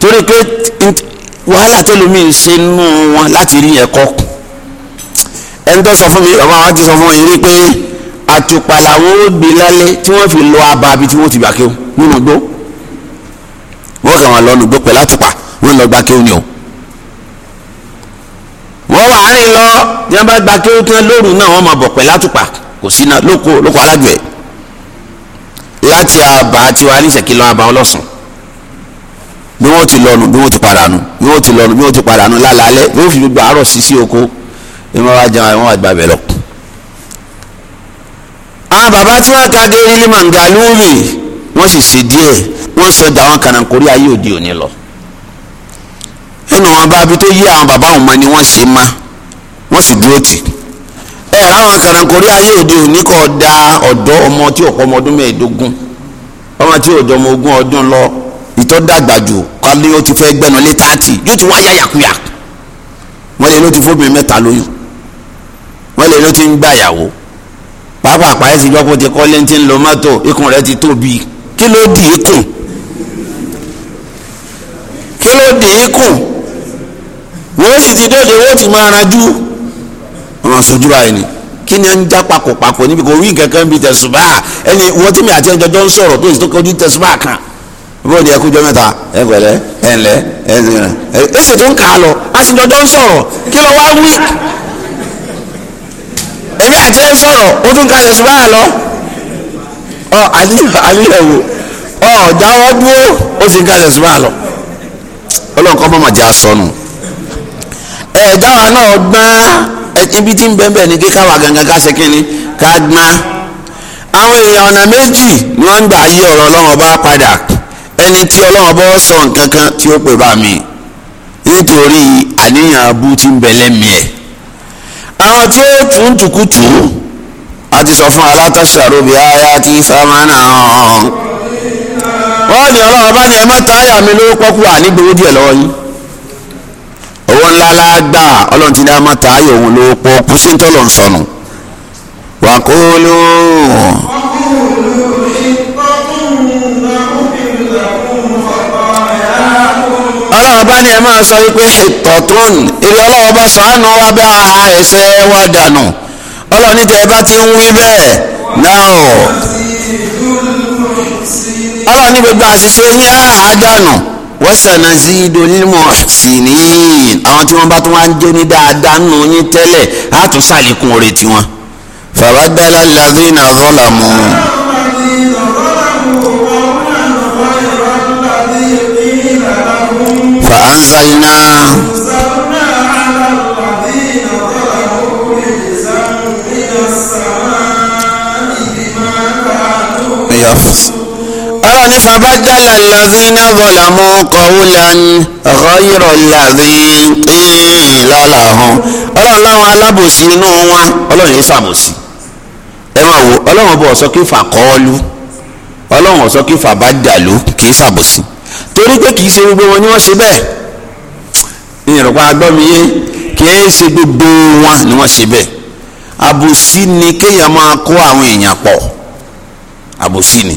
torí pé wàhálà tẹlumi ń ṣe nù wọn láti rí ẹ̀kọ́ ẹni tó sọ fún mi bàbá wa ti sọ fún mi rí pé àtùpà làwọn ó gbé lálẹ́ tí wọ́n fi lọ abà àbí tí wọ́n ti gbà kéwù nínú gbó wọ́n kàn wọ́n lọ́nu gbó pẹ̀lú àtùpà wọ́n lọ gbà kéwù ni o wọ́n wà á rìn lọ ní wọ́n bá gba kéwú tán lóru náà wọ́n máa bọ̀ pẹ̀ látùpà kò sí náà lóko lóko alájọ ẹ̀ láti àbá tiwa níṣẹ́kí lọ́wọ́ àbá ọlọ́sàn bí wọ́n ti lọ́nu bí wọ́n ti padà nu bí wọ́n ti lọ́nu bí wọ́n ti padà nu lálálẹ́ bí wọ́n fi gbogbo àárọ̀ sí sí oko bí wọ́n bá jẹun àwọn àgbà bẹ̀ lọ. àwọn bàbá tí wọ́n ka gé ilé màǹgàlúùmì wọ́n sì sí díẹ̀ wọ́n sọ dàwọn kànáńkórí ayé òde òní lọ. ẹnu wọn bá bi tó yí àwọn bàbá òun mọ ni wọ́n ṣe máa wọ́n sì dúró tì ẹ àwọn akàràǹkọ̀rí ayé òde òní kọ́ da ọ̀dọ́ ọmọ tí ọ̀pọ̀ ọmọ ọdún mẹ́ẹ̀ẹ́dógún ọmọ tí ọ̀dọ́ ọmọ ogún ọdún lọ ìtọ́ jù kálí ó ti fẹ́ gbẹ́nu lé táàtì yóò ti wá yáyàkuyà wọ́n lè ló ti fóbìnrin mẹ́ta lóyún wọ́n lè ló ti ń gbàyàwó pápá àpáyé ti gbọ́ pé ti kọ́ lẹ́ńtì ń lo mọ́tò ikùn rẹ̀ ti tóbi kí ló dì í kùn kí ló dì í kùn wọ́n sì ti dóde wọ́n ti wọn sojú ra ẹni kí ni ń já pakòpakò níbi kò rí nǹkan bíi tẹ̀sùbá ẹni wọ́n tí mi àti ẹjọ́ jọ ń sọ̀rọ̀ tó èsì tó kọjú tẹ̀sùbá kan bó ẹkú jọ mẹ́ta ẹ ẹ ẹ ẹ kà á lọ a sì jọjọ́ ń sọ̀rọ̀ kí ló wá èmi àti ẹ sọ̀rọ̀ tún ka ọ àníyàwó ọ jáwọ́ dúró sì ka lọ jẹ́ ẹ̀ẹ́dáwà náà gbọ́n ibi tí ń ni kí káwa gangan ká ṣe kínní ká gbọ́n. àwọn èèyàn ọ̀nà méjì ni ọ̀rọ̀ ọlọ́run ọba padà ẹni tí ọlọ́run ọba sọ nǹkan kan tí ó pè bá mi nítorí àníyàn abú tí ń bẹ lẹ́mìí ẹ̀. àwọn a ti sọ fún alátàṣàrò bíi aya ti famana wọ́n ní ọlọ́run ọba ni ẹ má ta àyà mi lórúkọ kúrò lálágbà ọlọ́run ti ní a máa ta ayò òun lówó pọ̀ kú sí ní tọ́lọ̀ ń sọnù. wàkúlù. ọlọ́run bá ní ẹ máa sọ wípé ìtọ̀tún ìwé ọlọ́run bá ṣàánú wa bá ẹ̀ṣẹ̀ wa dànù ọlọ́run ní ẹ bá ti ń wí bẹ́ẹ̀ náà ọlọ́run ní gbogbo àṣìṣe yín àádọ́nù wasanazidu lilmuhsinin àwọn tí wọ́n bá tún wá ń jó ní dáadáa nù yín tẹ́lẹ̀ á tún ṣàlékún oore tiwọn. fàbádàlá lazina zalamu. fa'anzalna. فبدل الذين ظلموا قولا غير الذي قيل لهم ọlọ́run láwọn alábòsí inú wọn ọlọ́run yìí ṣàbòsí ẹ máa wo ọlọ́run bọ̀ sọ kí fàkọ́ọ́lù ọlọ́run ọ̀sọ́ kí fàbádàlú kì í ṣàbòsí torí pé kì í ṣe gbogbo wọn ni wọ́n ṣe bẹ́ẹ̀ ìyẹ̀rọ̀pá agbọ́miyé kì í ṣe gbogbo wọn ni wọ́n ṣe bẹ́ẹ̀ àbòsí ni kéèyàn máa kó àwọn èèyàn pọ̀ àbòsí ni.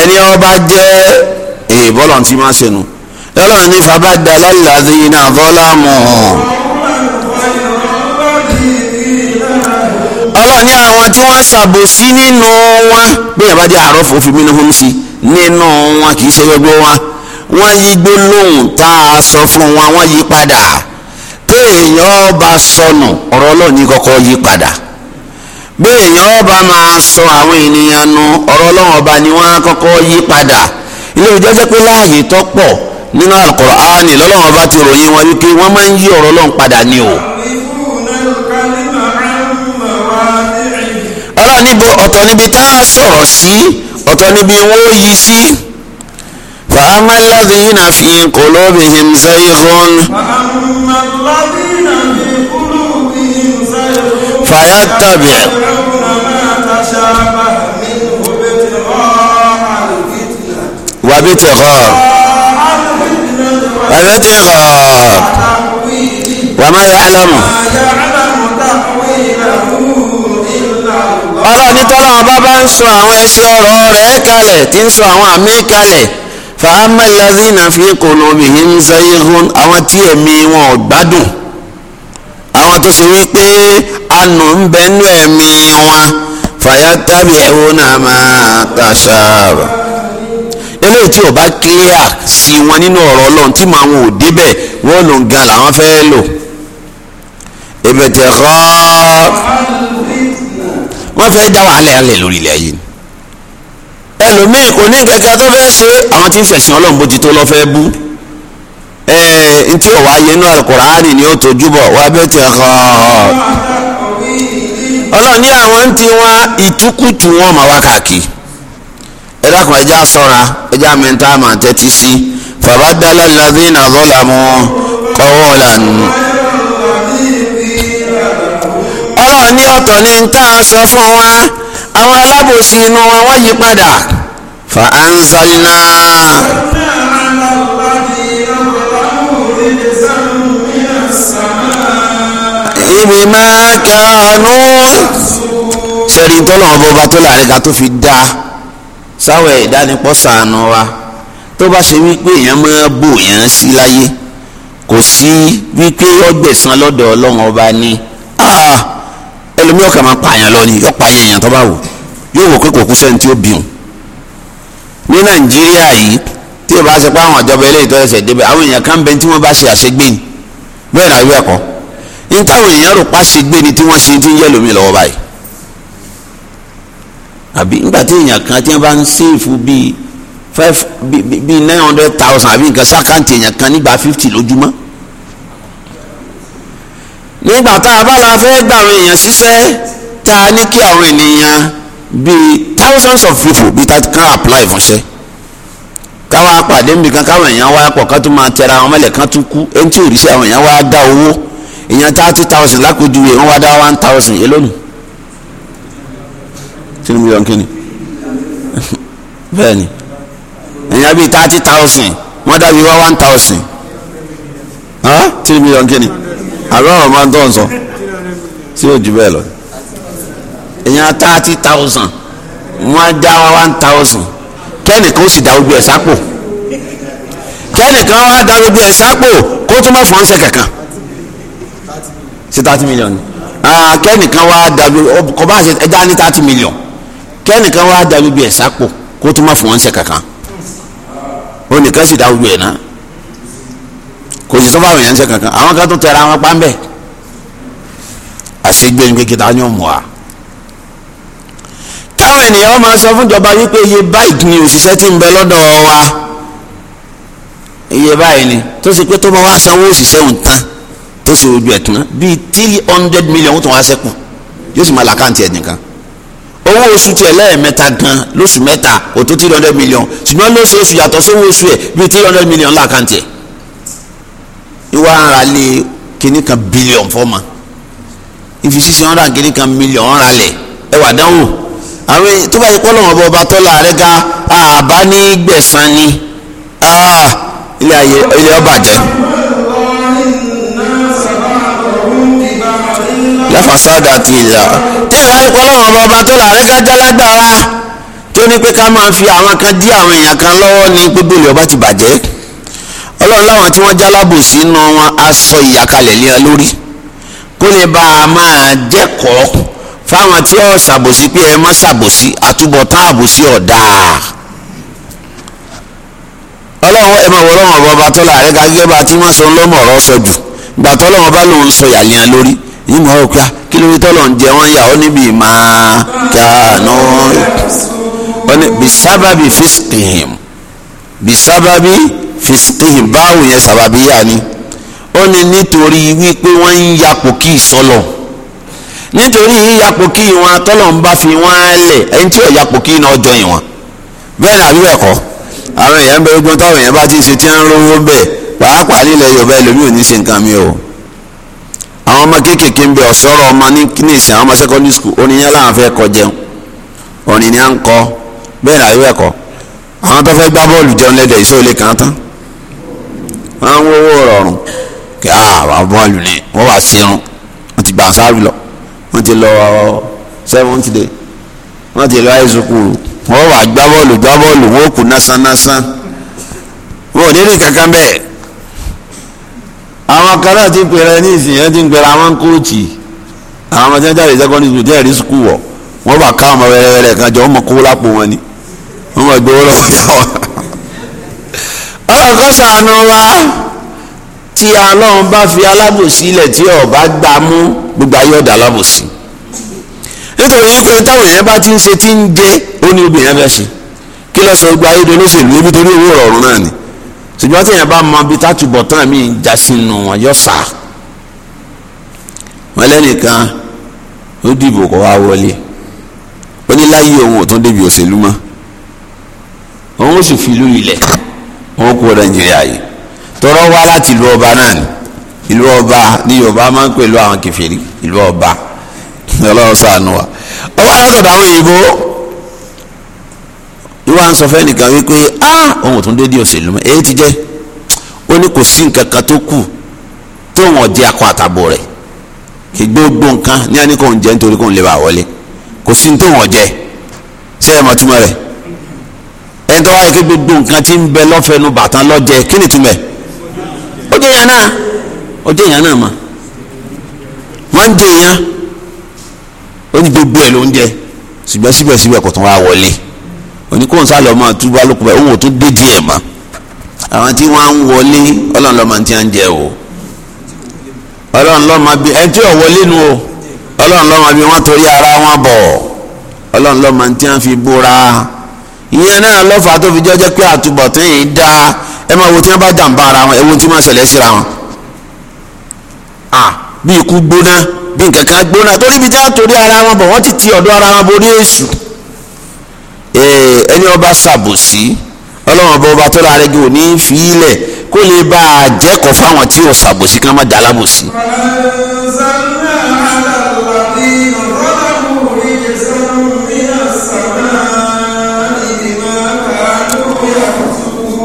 ẹni ọba jẹ́ ìbọ́lọ̀ eh, tí máa ṣe nu lọ́lọ́run ní fabadala alladhina zalamu. ọlọ́run ní àwọn tí wọ́n ṣàbòsí nínú wọn bí yàrá jẹ́ àárọ̀ fún fìmínú fún sí nínú wọn kì í ṣe gbogbo wọn wọ́n yí gbólóhùn tá a sọ fún wọn wọ́n yí padà kéèyàn ọba sọnù ọ̀rọ̀ ọlọ́run kọ́kọ́ yí padà. bí èèyàn ọba máa sọ àwọn ènìyàn nu ọ̀rọ̀ ọba ni wọ́n á kọ́kọ́ yí padà ilé ìjọsẹ́ pé láàyè tó pọ̀ nínú lọ́lọ́run ọba ti ròyìn wọn wípé wọ́n máa ń yí ọ̀rọ̀ ọlọ́run padà ni o. ọlọ́run níbo ọ̀tọ̀ níbi tá a sọ̀rọ̀ sí ọ̀tọ̀ níbi wọ́n yí sí. فلا تبع وابتغاء وابتغاء وما يعلم ọlọ́ni tọ́lọ́ ọba bá ń sọ àwọn ẹsẹ̀ ọ̀rọ̀ rẹ̀ kalẹ̀ tí ń sọ àwọn àmì kalẹ̀ فأما الذين في قلوبهم زيغ àwọn tí ẹ̀mí wọn ò gbádùn àwọn tó ṣe wípé ìyanu ń bẹ nú ẹ̀mí wọn fàyà tábì ẹ̀wò náà máa tàṣà rọ̀ eléyìí tí o bá clear sí wọn nínú ọ̀rọ̀ ọlọ́run tí màá wọn ò débẹ̀ wọ́n lò ń ga làwọn fẹ́ lò ìbẹ̀tẹ̀ kọ́ wọ́n fẹ́ dá wàhálà alẹ̀ lórí ilẹ̀ yìí ẹlòmíì kò tó fẹ́ ṣe àwọn tí ń fẹ̀sìn ọlọ́run bó ti tó lọ́ fẹ́ bú ẹ̀ẹ́n tí ò wáyé inú àlùkùránì ni ó tójú bọ̀ wá bẹ̀tẹ̀ kọ́ ọlọ́run ní àwọn ń ti wọn ìtukùtù wọn mà wá káàkiri ẹ dákun ẹja sọra ẹja mẹ́ta mà tẹ́tí sí fàbádàlá ladhina zalamu qawlan. ọlọ́run ní ọ̀tọ̀ ní ń tá a sọ fún wa àwọn alábòsí inú wọn wọ́n padà fa anzalina. bima kanu sẹ́rí tọ́lọ́wọ́n bọba tó láàrin ká tó fi dá sáwọ̀ ìdánipọ̀ sànù wa tó bá ṣe wípé èèyàn máa bò yẹn sí láyé kò sí wípé ọgbẹ̀sán lọ́dọ̀ ọlọ́run ọba ni ah! ẹlòmíràn kà máa pààyàn lọ ni yọpa èèyàn tó bá wù yóò wò pé kò kú sẹ́ni tí ó bìun ní nàìjíríà yìí tí ìbá ṣe pé àwọn ìjọba eléyìí tó ṣẹ̀ṣẹ̀ débẹ̀ àwọn èèyàn kan bẹ tí wọ́n bá ṣe àṣegbè bẹ́ẹ̀ náà ìwé ẹ̀kọ́ n táwọn èèyàn rò pa gbé ni tí wọ́n ṣe ti ń yẹ lómi lọ́wọ́ báyìí àbí nígbà tí èèyàn kan tí wọ́n bá ń ṣèfù bíi five bíi nine hundred thousand àbí nǹkan ṣàkáǹtì èèyàn kan nígbà fifty lójúmọ́ nígbà tá a bá la fẹ́ gba àwọn èèyàn ṣiṣẹ́ tá a ní kí àwọn ènìyàn bíi thousands of people bíi tá a kan apply fúnṣẹ́ káwọn apàdé nbìkan káwọn èèyàn wá pọ̀ ká tún máa tẹra àwọn mẹ́lẹ̀ kan tún kú ẹni tí ò àwọn èèyàn wá dá owó èèyàn thirty thousand lákòjúwe wọ́n wá dá one thousand yẹn lónìí three million kìíní bẹ́ẹ̀ èèyàn bíi thirty thousand wọ́n dàbí wá one thousand three million kìíní àbí ọ̀rọ̀ máa ń tọ̀ sọ sí òjú bẹ́ẹ̀ lọ èèyàn thirty thousand wọ́n dá one thousand kẹ́nìkan ó sì dá gbogbo ẹ̀ sápò kẹ́nìkan wá dá gbogbo ẹ̀ sápò kó tó má fọ́n ṣe kankan ṣe thirty million ni ah, kẹ́nìkan wá dàbí kò bá ṣe ẹja ní thirty million kẹ́nìkan wá dàbí bí ẹ̀sà pò kó tó má fún wọn ṣe kankan onìkan sì dá gbogbo ẹ̀ náà kò sì sọ́fà òyìn ṣe kankan àwọn kan tó tẹ̀ra wọn pa ń bẹ̀ àṣegbè ní kékeré táwọn yóò mú táwọn ènìyàn máa sọ fún wípé iye báyìí ni òṣìṣẹ́ ti ń bẹ lọ́dọ̀ wa iye báyìí ni tó sì pé tó bá wá sanwó òṣìṣẹ́ òun tó sì rojú ẹ̀ tán bíi three hundred million tó wá sẹ́kù yóò sì máa làkàntì ẹ̀ nìkan owó oṣù tiẹ̀ lẹ́ẹ̀mẹ́ta gan lóṣù mẹ́ta ó tó three hundred million ṣùgbọ́n lóṣooṣù yàtọ̀ sówó oṣù ẹ̀ bíi three hundred million làkàntì ẹ̀ ìwà ara lé kíní kan bílíọ̀n fọ́ọ̀mà ìfi six hundred kíní kan mílíọ̀n ọ̀rà lẹ̀ ẹ wà dánwò àwọn tó bá yẹ kọ́ lọ́wọ́ bọ́ ọba tọ́lá rẹ̀ ga àbá ní gbẹ̀sán ni ah, ilé ayé ilé ọbàjẹ́. láfàsádà àti ìlà tẹ́ ẹ bá rí pọ́lọ́ àwọn ọba tó là rẹ́ kájá lágbára tó ní pé ká máa fi àwọn kan dí àwọn èèyàn kan lọ́wọ́ ní gbogbo ilẹ̀ ọba ti bàjẹ́ ọlọ́run láwọn tí wọ́n jálábò sínú wọn á sọ ìyàkalẹ̀ lé wọn lórí kó lè bá a máa jẹ́kọ̀ọ́ fáwọn tí ó ṣàbòsí pé ẹ má ṣàbòsí àtúbọ̀tán àbòsí ọ̀dà ọlọ́run ẹ máa wọ ọlọ́run ọba tó láàrin gẹ́gẹ́ tí wọ́n sọ lọ́mọ̀ ọ̀rọ̀ sọ jù gbàtọ́ ọlọ́run ọba lòun sọ yàlẹ́ lórí yìí mọ̀ ọ́ kíá kí ló fi tọ́lọ̀ ń jẹ wọ́n yà ó níbi máa kàánú wọ́n ní bisábàbí fisikihim bisábàbí fisikihim báwo yẹn sábàbí yà ni ó ní nítorí wípé wọ́n ń yapò kí ìsọlọ̀ nítorí yíyapò kí wọn tọ́lọ̀ ń bá fi wọ́n á lẹ̀ ẹni tí ò yapò kí náà jọyìn wọn bẹ́ẹ̀ ni àbí kọ́ àwọn èèyàn bẹ́ẹ̀ gbọ́n táwọn èèyàn bá ti ṣe tí ń rówó bẹ́ẹ̀ pàápàá nílẹ̀ Yorùbá ẹlòmíì ò ní ṣe nǹkan mi o. àwọn ọmọ kéékèèké ń bẹ ọ̀sọ́rọ̀ ọmọ ní àwọn ọmọ school orin láwọn fẹ́ kọ jẹun orin ni à ń kọ bẹ́ẹ̀ ni àyẹ̀wò ẹ̀kọ́ àwọn tó fẹ́ gbá bọ́ọ̀lù jẹun lẹ́dẹ̀ ìṣó ni wọ́n wá sí irun wọ́n ti gbà sáré lọ wọ́n ti lọ seventh day wọ́n ti lọ àìsùkúrù wọ́n wá gbá bọ́ọ̀lù gbá bọ́ọ̀lù wọ́n kù àwọn kan náà ti ń pèrè ní ìsìn yẹn ti ń pèrè àwọn kóòtì àwọn ọmọ tí wọ́n jáde secondary school díẹ̀ rí sukù wọ̀ wọ́n bá ká ọmọ wẹ́rẹ́wẹ́rẹ́ kan jọ wọ́n mọ̀ kó lápò wọn ni wọ́n mọ̀ gbowó lọ́wọ́ táwọn. ọlọ́run kọ́ sànù wa tí ọlọ́run bá fi alábòsí ilẹ̀ tí ọba gbà mú gbogbo ayé ọ̀dà alábòsí nítorí wípé táwọn èèyàn bá ti ń ṣe ti ń jẹ́ ó ní obìnrin fẹ́ ṣe kí lọ́sọ̀ gbogbo ayé dolóṣèlú ebi torí owó ọ̀rọ̀ ṣùgbọ́n tí èèyàn bá mọ bí tátùbọ̀ tán mi ń já sínú wọn yọ fà á wọn lẹ́nìkan ó dìbò kó wá wọlé ó ní láyé òun ò tún débi òṣèlú mọ́ òun ó sì fi ìlú ilẹ̀ òun kú ọ̀dọ̀ nàìjíríà yìí tọrọ wá láti ìlú ọba náà ni ìlú ọba ní yorùbá máa ń pè lọ àwọn kẹfìrí ìlú ọba ọlọ́run ṣàánú wa ọwọ́ àwọn ọ̀dọ̀ àwọn òyìnbó. ìwà ń sọ fẹ́ nìkan wípé ah òun tún dédé òṣèlú mọ́ èyí ti jẹ́ ó ní kò sí nǹkan tó kù akọ àtàbò rẹ̀ kì í gbogbo nǹkan ní ẹni kò ń jẹ́ nítorí kò ń lè bá wọlé kò sí tóun ọ̀jẹ́ ṣé ẹ mọ̀ túmọ̀ rẹ̀ ti ń bẹ lọ́fẹ̀ẹ́nu bàtán lọ́jẹ́ kí ni túmọ̀ ó jẹ́ náà ó jẹ́ náà wọ́n ń oníkóhùnsá lọ máa túbọ̀ alùpùpù ẹ̀ òun ò tún dé díẹ̀ mọ́ àwọn tí wọ́n á ń wọlé ọlọ́run lọ́ọ́ máa ti ń jẹ o ọlọ́run lọ́ọ́ máa bí ẹ tí ò wọlé nu o ọlọ́run lọ́ọ́ máa bí wọ́n torí ara wọn bọ̀ ọlọ́run lọ́ọ́ máa ti ń fi búra ìyẹn náà lọ́fà tó fi jọ́jẹ́ pé àtúbọ̀tán yìí dá ẹ máa wo tí wọ́n bá jàǹbá ara wọn ẹ tí wọ́n ṣẹlẹ̀ síra wọn bí ikú gbóná bí nǹkan gbóná torí ibi tí wọ́n torí ara wọn bọ̀ wọ́n ti ti ọ̀dọ̀ ara wọn borí èṣù Eh, ẹni ọba ṣàbòsí ọlọ́run ọba ọba tó lára gé òní fi í kó lè bá a jẹ́kọ̀ọ́ fáwọn tí yóò ṣàbòsí kí wọ́n má dá lábòsí.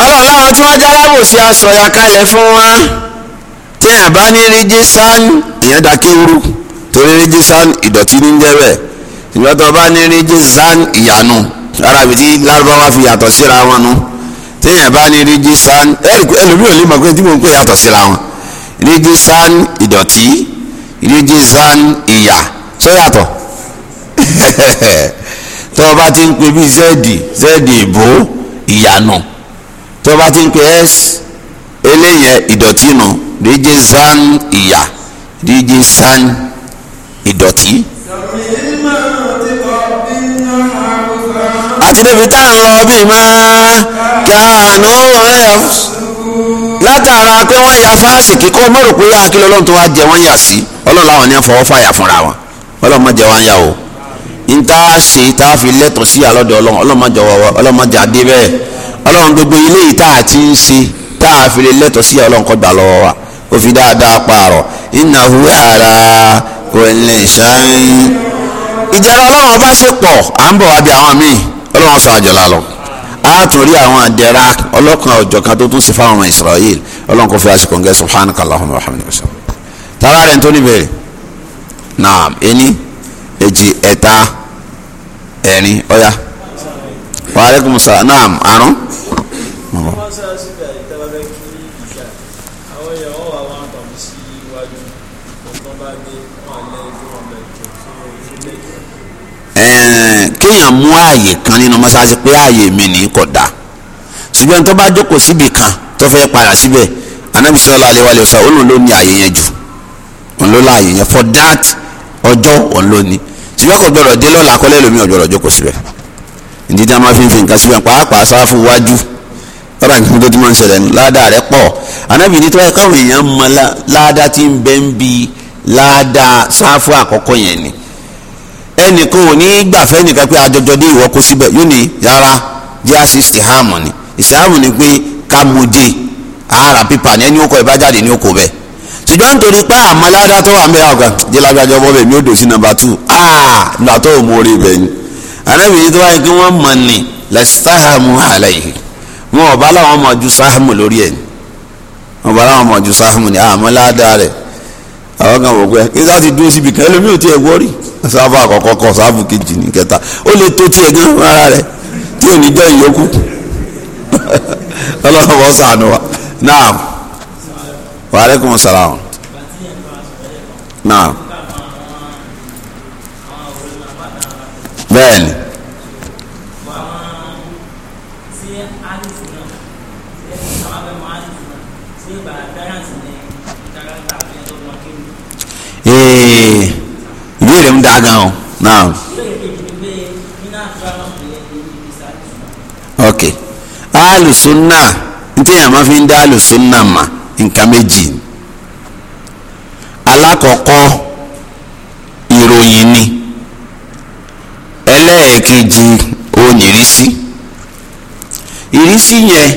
ọlọ́run tí wọ́n já lábòsí aṣọ ya kalẹ̀ fún wa tí bá ní ríjísán ìyẹn da kéwúrú torí ìdọ̀tí ní jẹ́ bẹ́ẹ̀ ìgbà tó bá ní ìyanu. ara ibi tí lárúbáwá fi yàtọ̀ síra wọn nu téèyàn bá ní rígísán ẹlòmí ò lè mọ̀ pé tí mò ń pè yàtọ̀ síra wọn rígísán ìdọ̀tí rígísán ìyà sọ yàtọ̀ tó o bá ti ń pè bí zẹ́ẹ̀dì zẹ́ẹ̀dì ìbò ìyànà tó o bá ti ń pè ẹ́s eléyẹ ìdọ̀tí nù rígísán ìyà rígísán ìdọ̀tí láti débi táwọn bí máa kàánú ẹ̀yà látara pé wọ́n ya fáàsì kíkọ́ mọ̀rò pé akílẹ̀ ọlọ́run tó wá jẹ wọ́n yà sí ọlọ́run làwọn ní fọwọ́ fàyà fúnra wọn ọlọ́run má jẹ wọ́n yà o n ta ṣe tá a fi lẹ́tọ̀ sí àlọ́dọ̀ ọlọ́run ọlọ́run má jẹ wọ́wọ́ ọlọ́run má jẹ adé bẹ́ẹ̀ ọlọ́run gbogbo ilé yìí tá a ti ń ṣe tá a fi lè lẹ́tọ̀ sí ọlọ́run kọ́ gbà lọ́wọ́ wa ó fi dáadáa pààrọ̀ innahu ala kulli shay ìjẹ́ra ọlọ́run ọba ṣe pọ̀ à ń bọ̀ wá bí àwọn míì ọlọ́run aṣọ àjọlá lọ a tún rí àwọn àdẹ̀rà ọlọ́kan ọ̀jọ̀kan tó tún sí fáwọn ọmọ Israel ọlọ́run kò fi àsìkò ń gẹ́ subhanaka Allahumma wa hamdika tààrà rẹ̀ tó níbẹ̀rẹ̀ naam ení èjì ẹ̀ta ẹ̀rin ọ̀ya wa alaikum salaam àrùn. kéèyàn mú ààyè kan nínú mọ́ṣáláṣí pé ààyè mi ní kò dá ṣùgbọ́n tó bá jókòó síbi kan tó fẹ́ padà síbẹ̀ anabi sallallahu alaihi wasallam òun ló ní ààyè yẹn jù òun ló láàyè yẹn for that ọjọ́ òun ló ní ṣùgbọ́n kò gbọdọ̀ dé lọ́la lómi tó ti máa ń ṣẹlẹ̀ ládàá pọ̀ anábì ní káwọn èèyàn mọ ládàá tí ń ni ẹnìkan ò ní gbàfẹ́ nìkan pé àjọjọ dé ìwọ kó síbẹ̀ yóò ní yàrá jẹ́ àṣì istihamu pé ara pípa ni ẹni ó kọ ni ó kọ bẹ́ẹ̀ ṣùgbọ́n nítorí pé àmọ́ tó wà mi o ah, mú orí ibẹ̀ yìí tó wáyé kí wọ́n mọ̀ wọn ò bá láwọn ju lórí ẹ̀ wọn ò bá láwọn ju àwọn kan wò pé kí sáà ti dúró síbi kan ẹlòmíì ò tiẹ̀ wọ́ọ̀rì sáfù àkọ́kọ́ kọ sáfù kejì ní kẹta ó lè tó tiẹ̀ gan rárá rẹ̀ tí ò ní jẹ́ ìyókù ọlọ́run bọ́ sànù wa naam wa aleykum salaam naam bẹ́ẹ̀ni. Eh, ìbéèrè ń dá now. ok alùsùnà ntẹ̀yà ma fi ndị dá nna mà méjì alákọ̀ọ́kọ́ ìròyìn ni ẹlẹ́ẹ̀kejì onírìísí ìrísí yẹn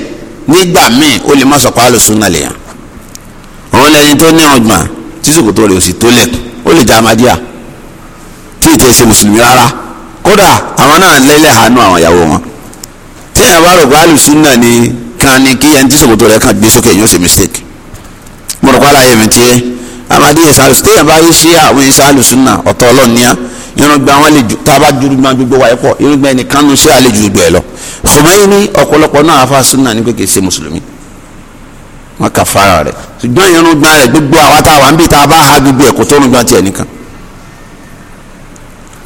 nígbà míì ó lè má lẹni tó ní ọgbọ̀n tí sòkòtò rẹ̀ ò sì tó lẹ̀ ó lè jẹ́ amadíà tí ì tẹ̀sí mùsùlùmí rárá kódà àwọn náà lẹ́lẹ̀ àánú àwọn ìyàwó wọn tí ẹ̀ bá rò pé alùsùnà ni kan ni kí ẹni tí sòkòtò rẹ̀ kàn gbé sókè yóò ṣe mistake mo rò pé aláyé mi tiẹ̀ amadíà ìsàlùsùn téèyàn bá yí sí àwọn ìsàlùsùnà ọ̀tọ̀ ọlọ́ọ̀nìyàn irungba wọn le ju taba jurugba gbogbo wa ẹkọ irungba ẹnìkan nu sí àlejò gbẹ lọ ṣùgbọ́n yìí ní ọ̀pọ̀lọpọ̀ náà afa sunna ní pé kì í ṣe mùsùlùmí wọn kà fara rẹ̀ ṣùgbọ́n irun gbọ́n rẹ̀ gbogbo àwa tá a wà ń bí tá a bá ha gbogbo ẹ̀ kò tó irun gbọ́n tiẹ̀ nìkan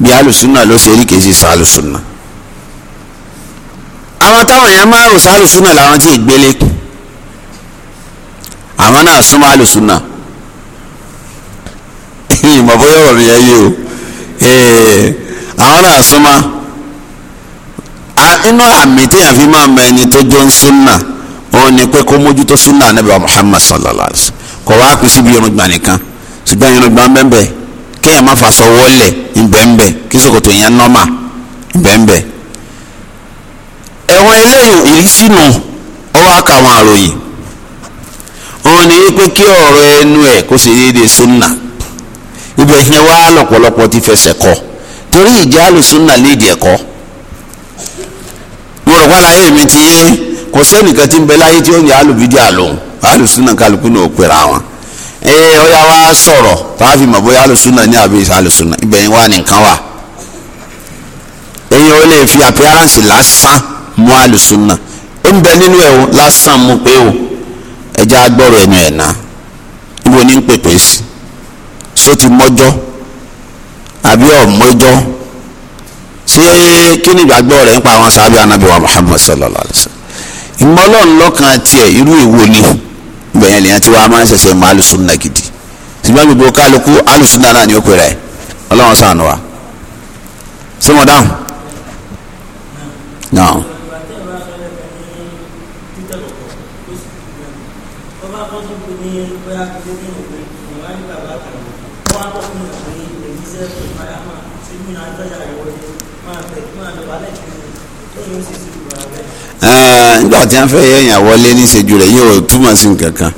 bí alùsùnà ló ṣe rí kì í ṣe sàlùsùnà àwọn táwọn èèyàn máa ń rò sàlùsùnà làwọn tí ì gbélé àwọn náà súnmọ́ alùsùnà ìmọ̀ bóyá ọ̀rọ̀ mi yẹ yé o àwọn náà súnmọ́ inú àmì téèyàn fi máa mọ ẹni tó jó ń súnà. ó pé kó mójútó súnà anabi wa muhammad sallallahu alayhi wa sallam kò wá kù síbi irungba nìkan ṣùgbọ́n irungba ńbẹ́ńbẹ́ kéèyàn má fa sọ̀wọ́ lẹ̀ kí ṣòkòtò yẹn nọ́mà ńbẹ́ńbẹ́. ẹ̀wọ̀n eléyìí ìrísínú ó wá àròyìn òun pé kí ọ̀rọ̀ ẹnu ẹ̀ kó ṣe ibẹ̀ yẹn wá ti fẹsẹ̀ kọ kò sẹ́nìkan tí ń bẹ láyé tí ó ní alùbídíà lòun alùsùnà kálukú ní òpèrà wọn ẹ ọyà wa sọ̀rọ̀ tààfi mọ̀ bóyá alùsùnà ní àbí alùsùnà ibẹ̀ yẹn wà ní nǹkan wà ẹ̀yin ò lè fi appearance lásán mú alùsùnà ó ń bẹ nínú ẹ̀ o lásán mú pé o ẹja agbọ́rọ̀ ẹnu ẹ̀ náà ibo ní pèpè sí so ti mọ́jọ́ àbí ọ̀mọ́jọ́ ṣé kí ni ìgbàgbọ́ rẹ̀ ń pa àwọn sábẹ́ anábìwá Muhammad sallallahu alayhi wa sallam ìmọ̀lọ́run lọ́kàn tiẹ̀ irú èwo ni bẹ̀yẹn lèyàn tí wàá máa ń ṣẹ̀ṣẹ̀ mọ alùsùnà gidi ṣùgbọ́n gbogbo kálukú alùsùnà náà ni ó pèrè ọlọ́run ṣàánú wa ṣé dáhùn náà. No. nígbà tí a fẹ́ yẹ̀yàn wọlé níṣẹ́jú rẹ̀ yóò túmọ̀ sí nǹkan kan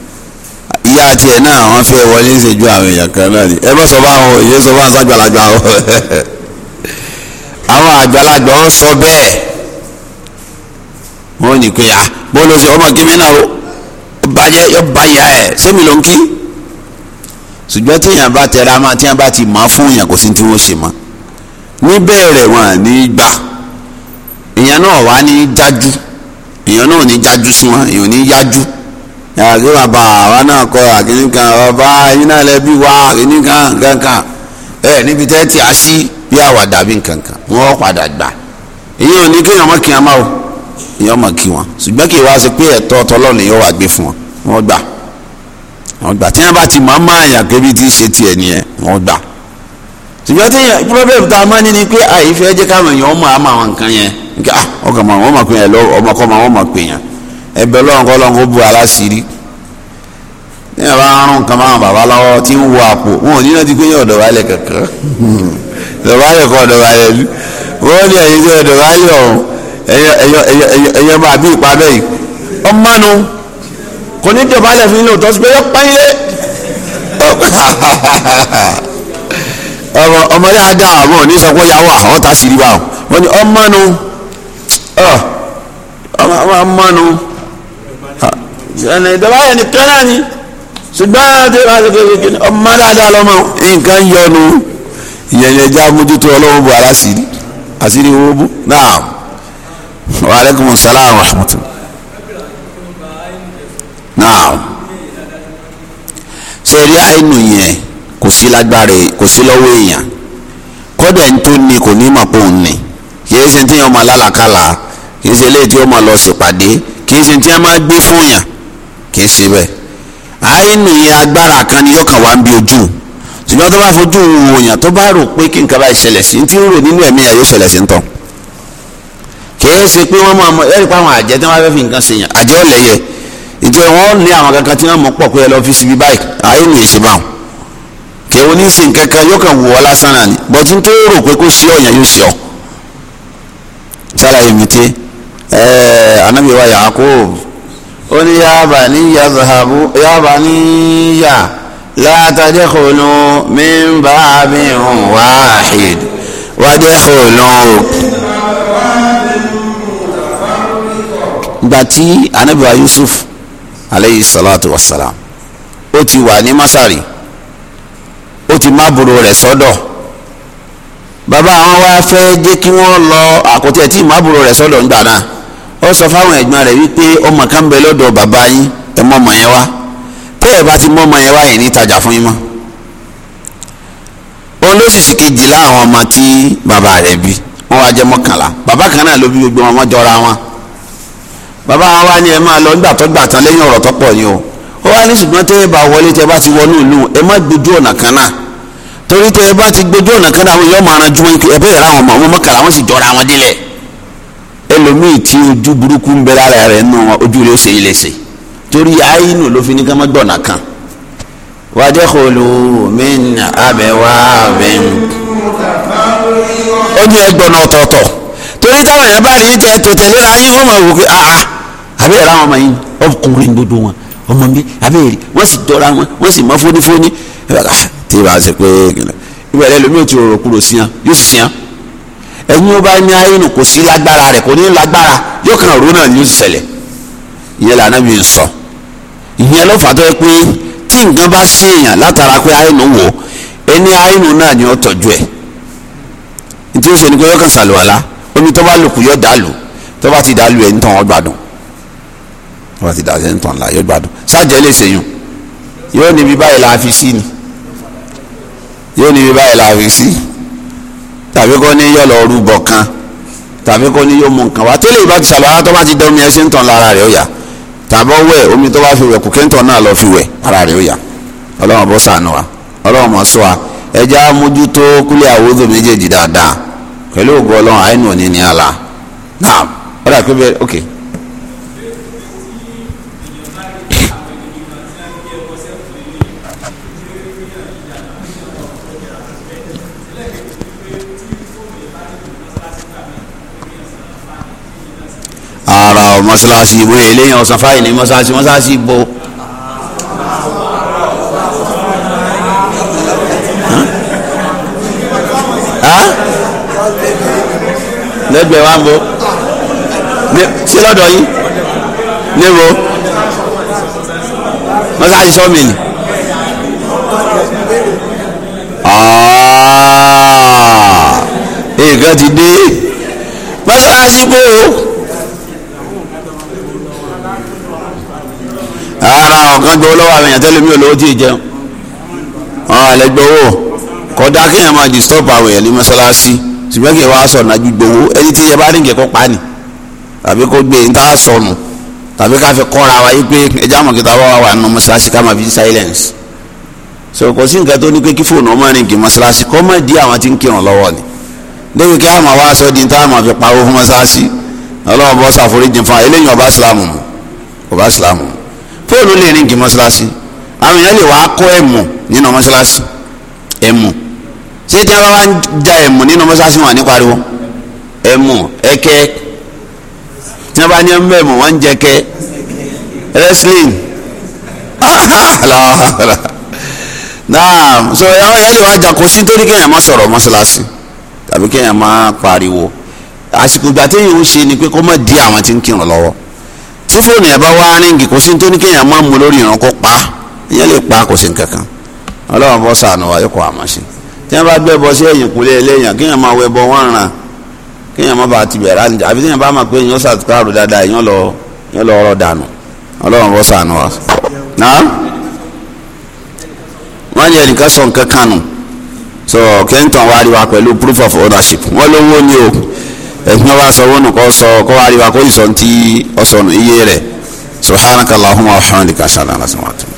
náà wọ́n fẹ́ wọlé níṣẹ́jú àwọn èèyàn kan náà ni ẹ bá sọ bá wọn òye sọ bá wọn àgbàlagbà àwọn àgbàlagbà wọn sọ bẹ́ẹ̀ wọ́n ní pé ah bó ló ọmọ náà bàjẹ́ yọ bá ìyá ẹ̀ sẹ́mi ló ń kí ṣùgbọ́n bá máa bá ti máa fún èèyàn kò sí tí wọ́n ṣe mọ́ ní gbà èèyàn náà wà ní dájú èèyàn náà ò ní jájú sí wọn èèyàn ò ní yájú yàrá bàbá àwa náà kọ àkíní kan bàbá ẹ̀yin náà lẹbi wá àkíní kan kankan ẹ níbi tẹ́ tí a sí bí àwàdà bí nkankan wọ́n padà gbà èèyàn ò ní kéèyàn mọ̀ kí wọn máa o èèyàn mọ̀ kí wọn ṣùgbọ́n kí wàá ṣe pé ẹ̀tọ́ ọtọlọ́ ni yóò wá gbé fún wọn wọ́n gbà wọ́n gbà tí wọ́n bá ti máa máa yàn kébi tí ṣe tiẹ̀ nìyẹn wọ́n gbà ṣùgbọ́n tí problem tá máa ní ni pé àyífẹ́ jẹ́ káwọn èèyàn mọ̀ Ah, ọkàn máa wọn máa pè yàn lọ ọmọ kọ́ máa wọn máa pè yàn ẹ̀bẹ̀ Ọlọ́run kọ́ Ọlọ́run kó bu aláṣìírí ní àbá arún nǹkan máa bàbá lọ́wọ́ ń wo àpò wọn ò ní náà ti pé yàn ọ̀dọ̀wálẹ̀ kankan ọ̀dọ̀wálẹ̀ kọ́ ọ̀dọ̀wálẹ̀ ni wọ́n ní ẹ̀yin tí ọ̀dọ̀wálẹ̀ ọ̀hún ẹ̀yẹ máa bí ìpamẹ́ yìí ọmọnu kò ní dọ̀bálẹ̀ fún inú tọ́sí pé yọ pẹ́yìlẹ́ ọmọdé adá àwọn ò ní sọ pé yà wà àwọn tá a sì rí wa wọn ni ọmọnu ọmọ amánu ìdọ̀bá yẹn nìkan náà ni ṣùgbọ́n tí wọ́n ti kékeré ọmọ dáadáa lọ́mọ nǹkan yọnu ìyẹn lè já mójútó ọlọ́wọ́ bò aláṣìírí àṣírí owó bò náà wa aleykum salaam wa rahmatulah náà sẹ́rí àìnù yẹn kò sí lágbára kò sí lọ́wọ́ èèyàn kọ́dẹ̀ ń tó ní kò ní mọ̀ pé ni kì ṣe tí yẹn ọmọ alálàkàlà kì í ṣe eléyìí tí ó máa lọ ṣèpàdé kì í ṣe tí wọ́n máa gbé fún yàn kì í ṣe bẹ́ẹ̀ àìní agbára kan ni yóò kàn wá ń bí ojú ṣùgbọ́n tó bá fojú wòyàn tó bá rò pé kí nǹkan bá ṣẹlẹ̀ sí tí ń rò nínú ẹ̀mí ẹ̀ yóò ṣẹlẹ̀ sí ń tán kì í ṣe pé wọ́n máa mọ ẹ̀rí pa àwọn tí wọ́n fẹ́ fi nǹkan ṣe yàn àjẹ́ ọ̀lẹ́yẹ ìjọ wọn ní àwọn kankan tí wọ́n mọ̀ pọ̀ pé ẹ lọ fi síbi báyìí àìní ìṣe báwọn ní í nǹkan kan yóò kàn wò ọ́ lásán náà ni bọ́tún tó rò pé kó ṣe ọ̀yàn yóò ṣe ọ́ ṣàlàyé mi tiẹ́ anabi eh, wa yaakub ó ní yaaba ní yazahabu yaaba ní ya látàdé kùnú mímbà mi wáhid wájú kùnú. gbàtí anabi wa yusuf aleyhi salatu wa salam ó ti wà ní masari ó ti má boro rẹ̀ sọ́dọ̀ bàbá àwọn wá fẹ́ jẹ́ kí wọ́n lọ àkótẹ́ tí má boro rẹ̀ sọ́dọ̀ ńgbà náà. ó sọ fáwọn ẹ̀gbọ́n rẹ̀ wípé ọmọ kan bẹ lọ́dọ̀ bàbá yín ẹ mọ ọmọ yẹn wá tẹ́ ẹ bá ti mọ ọmọ yẹn wá yìí fún ló sì sì láwọn ọmọ tí bàbá rẹ̀ bí wọ́n wá jẹ mọ́kànlá bàbá kan náà ló bí jọra wọn bàbá wọn wá ní ẹ lọ nígbà tó gbà tán tó o ó wá ní ẹ bá wọlé ẹ bá ti wọnú ìlú ẹ má gbójú ọ̀nà kan náà torí ra àwọn ọmọ wọn sì jọra wọn ẹlòmíì tí ojú burúkú ń bẹ lára rẹ̀ nù ojú ló ṣe ilé ṣe torí àyínú ló fi ní ká má gbọ̀nà kan wàjẹ́kọ̀ọ́lù min abẹ́wà min. ó ní ẹgbọ̀nà ọ̀tọ̀ọ̀tọ̀ torí táwọn èèyàn bá rí tẹ tó tẹ̀lé ayé wọn máa wò pé àá àbí ẹ̀rọ àwọn ọmọ yìí ọkùnrin gbogbo wọn ọmọ mi àbí wọ́n sì tọ́ra wọn wọ́n sì mọ́ fónífóní ah, ìbẹ̀rẹ̀ lómi ti rò kúrò sí ẹ̀yin ó bá ní àyínú kò sí lágbára rẹ̀ kò ní lágbára yóò kàn ró náà ní ìṣẹ̀lẹ̀ ìyẹn lànà mi ń sọ ìyẹn ló fà tó yẹ pé tí nǹkan bá ṣèèyàn látara pé àyínú wò ẹni àyínú náà ni ó tọ́jú ẹ̀ tí ó ni pé yóò kàn ṣàlùwàlá omi tó bá lò kù yóò dàlù tó bá ti dàlù ẹ̀ ń tàn ọ́ gbádùn tó bá ti dàlù ẹ̀ ń tàn là yóò gbádùn sáàjẹ́ lè ṣèyàn yóò níbi báyìí la fi sí ni yóò níbi báyìí la fi sí ni tàbí kó ní yọ̀ lọ rúbọ kan tàbí kó ní yóò mú nǹkan wá tẹ́lẹ̀ ìbá ti ṣàlùwàlá tó bá ti dẹ omi ẹṣin tán lára rẹ̀ ó yá tàbọ̀ wẹ̀ omi tó bá fi wẹ̀ kò kéńtọ̀ náà lọ fi wẹ̀ ara rẹ̀ ó yá ọlọ́run bó sànù wa ọlọ́run mọ̀ sọ wa ẹja mójútó kúlẹ̀ àwòdò méjèèjì dáadáa pẹ̀lú ògo ọlọ́run àìnù òní ní àlà náà ọ̀rẹ́ mọ́ṣáláṣí ìbò eléyàn ọ̀sán fáyìn ní mọ́ṣáláṣí mọ́ṣáláṣí ìbò. lẹ́gbẹ̀ẹ́ wa ń bo sí lọ́dọ̀ yìí níbo mọ́ṣáláṣí sọ́mìlì. nǹkan ti dé mọ́ṣáláṣí bò ó. àwọn kan gbowó lọ́wọ́ àwọn èèyàn tẹ́lẹ̀ mi ò lówó tí ì jẹun àwọn àlẹ́ gbowó kódà kéèyàn máa disturb àwọn èèyàn ní mọ́ṣáláṣí ṣùgbọ́n kí ẹ wá sọ̀nà ju gbowó ẹni tí ẹ bá ní kẹ́kọ̀ọ́ pa ni tàbí kó gbé ní tá sọnù tàbí ká fi kọ́ra wa yí pé ẹjẹ́ àwọn kìtà wà wà nù mọ́ṣáláṣí ká máa fi silence so kò sí nǹkan tó ní pé kí fóònù ọmọ rìn kì mọ́ṣáláṣí kọ́ mọ́ di àwọn tí ń kírun lọ́wọ́ ni débi kí àwọn wá sọ di ní máa fi pariwo fún mọ́ṣáláṣí ọlọ́run bọ́ ṣàforíjì fún wa eléyìí ọba sílámù ọba sílámù yóò ló lè rìn kí mọ́ṣáláṣí àwọn èèyàn lè wàá kọ́ ẹ̀mù nínú mọ́ṣáláṣí ẹ̀mù ṣé tí a bá wá ń ja ẹ̀mù nínú mọ́ṣáláṣí wọn ní pariwo ẹ̀mù ẹ̀kẹ́ tí wọ́n bá ní ẹ̀mù ẹ̀mù wọ́n ń jẹ kẹ́ wrestling naam so àwọn èèyàn lè wàá jà kó sí nítorí kéèyàn má sọ̀rọ̀ mọ́ṣáláṣí tàbí kéèyàn má pariwo àsìkò ìgbà téèyàn ń ṣe ni pé kó má di àwọn tí ń kírun lọ́wọ́ tí fóònù ẹ̀ bá wá ríngì kò sí nítorí kéèyàn máa mú lórí ìran kó pa ìyẹn lè pa kò sí nǹkankan ọlọ́run bọ́ sànù wa yóò kọ́ àmọ́ tí wọ́n bá gbé bọ́ sí ẹ̀yìn kúlẹ̀ ẹlẹ́yìn kéèyàn máa wẹ bọ́ wọ́n ràn kéèyàn ti bẹ̀rẹ̀ àbí bá máa pé dáadáa lọ lọ dànù ọlọ́run bọ́ sànù wa. sọ nǹkan kẹ́ńtàn rí wa pẹ̀lú proof of ownership wọ́n ẹ̀sìn wa sọ wọnù kọ́ sọ kọ́ wa rí wa kó ìsọ̀ ntí ọ̀sọ̀ nù iye rẹ̀ subhanakallahumma wa hamdika ashhadu an la ilaha illa anta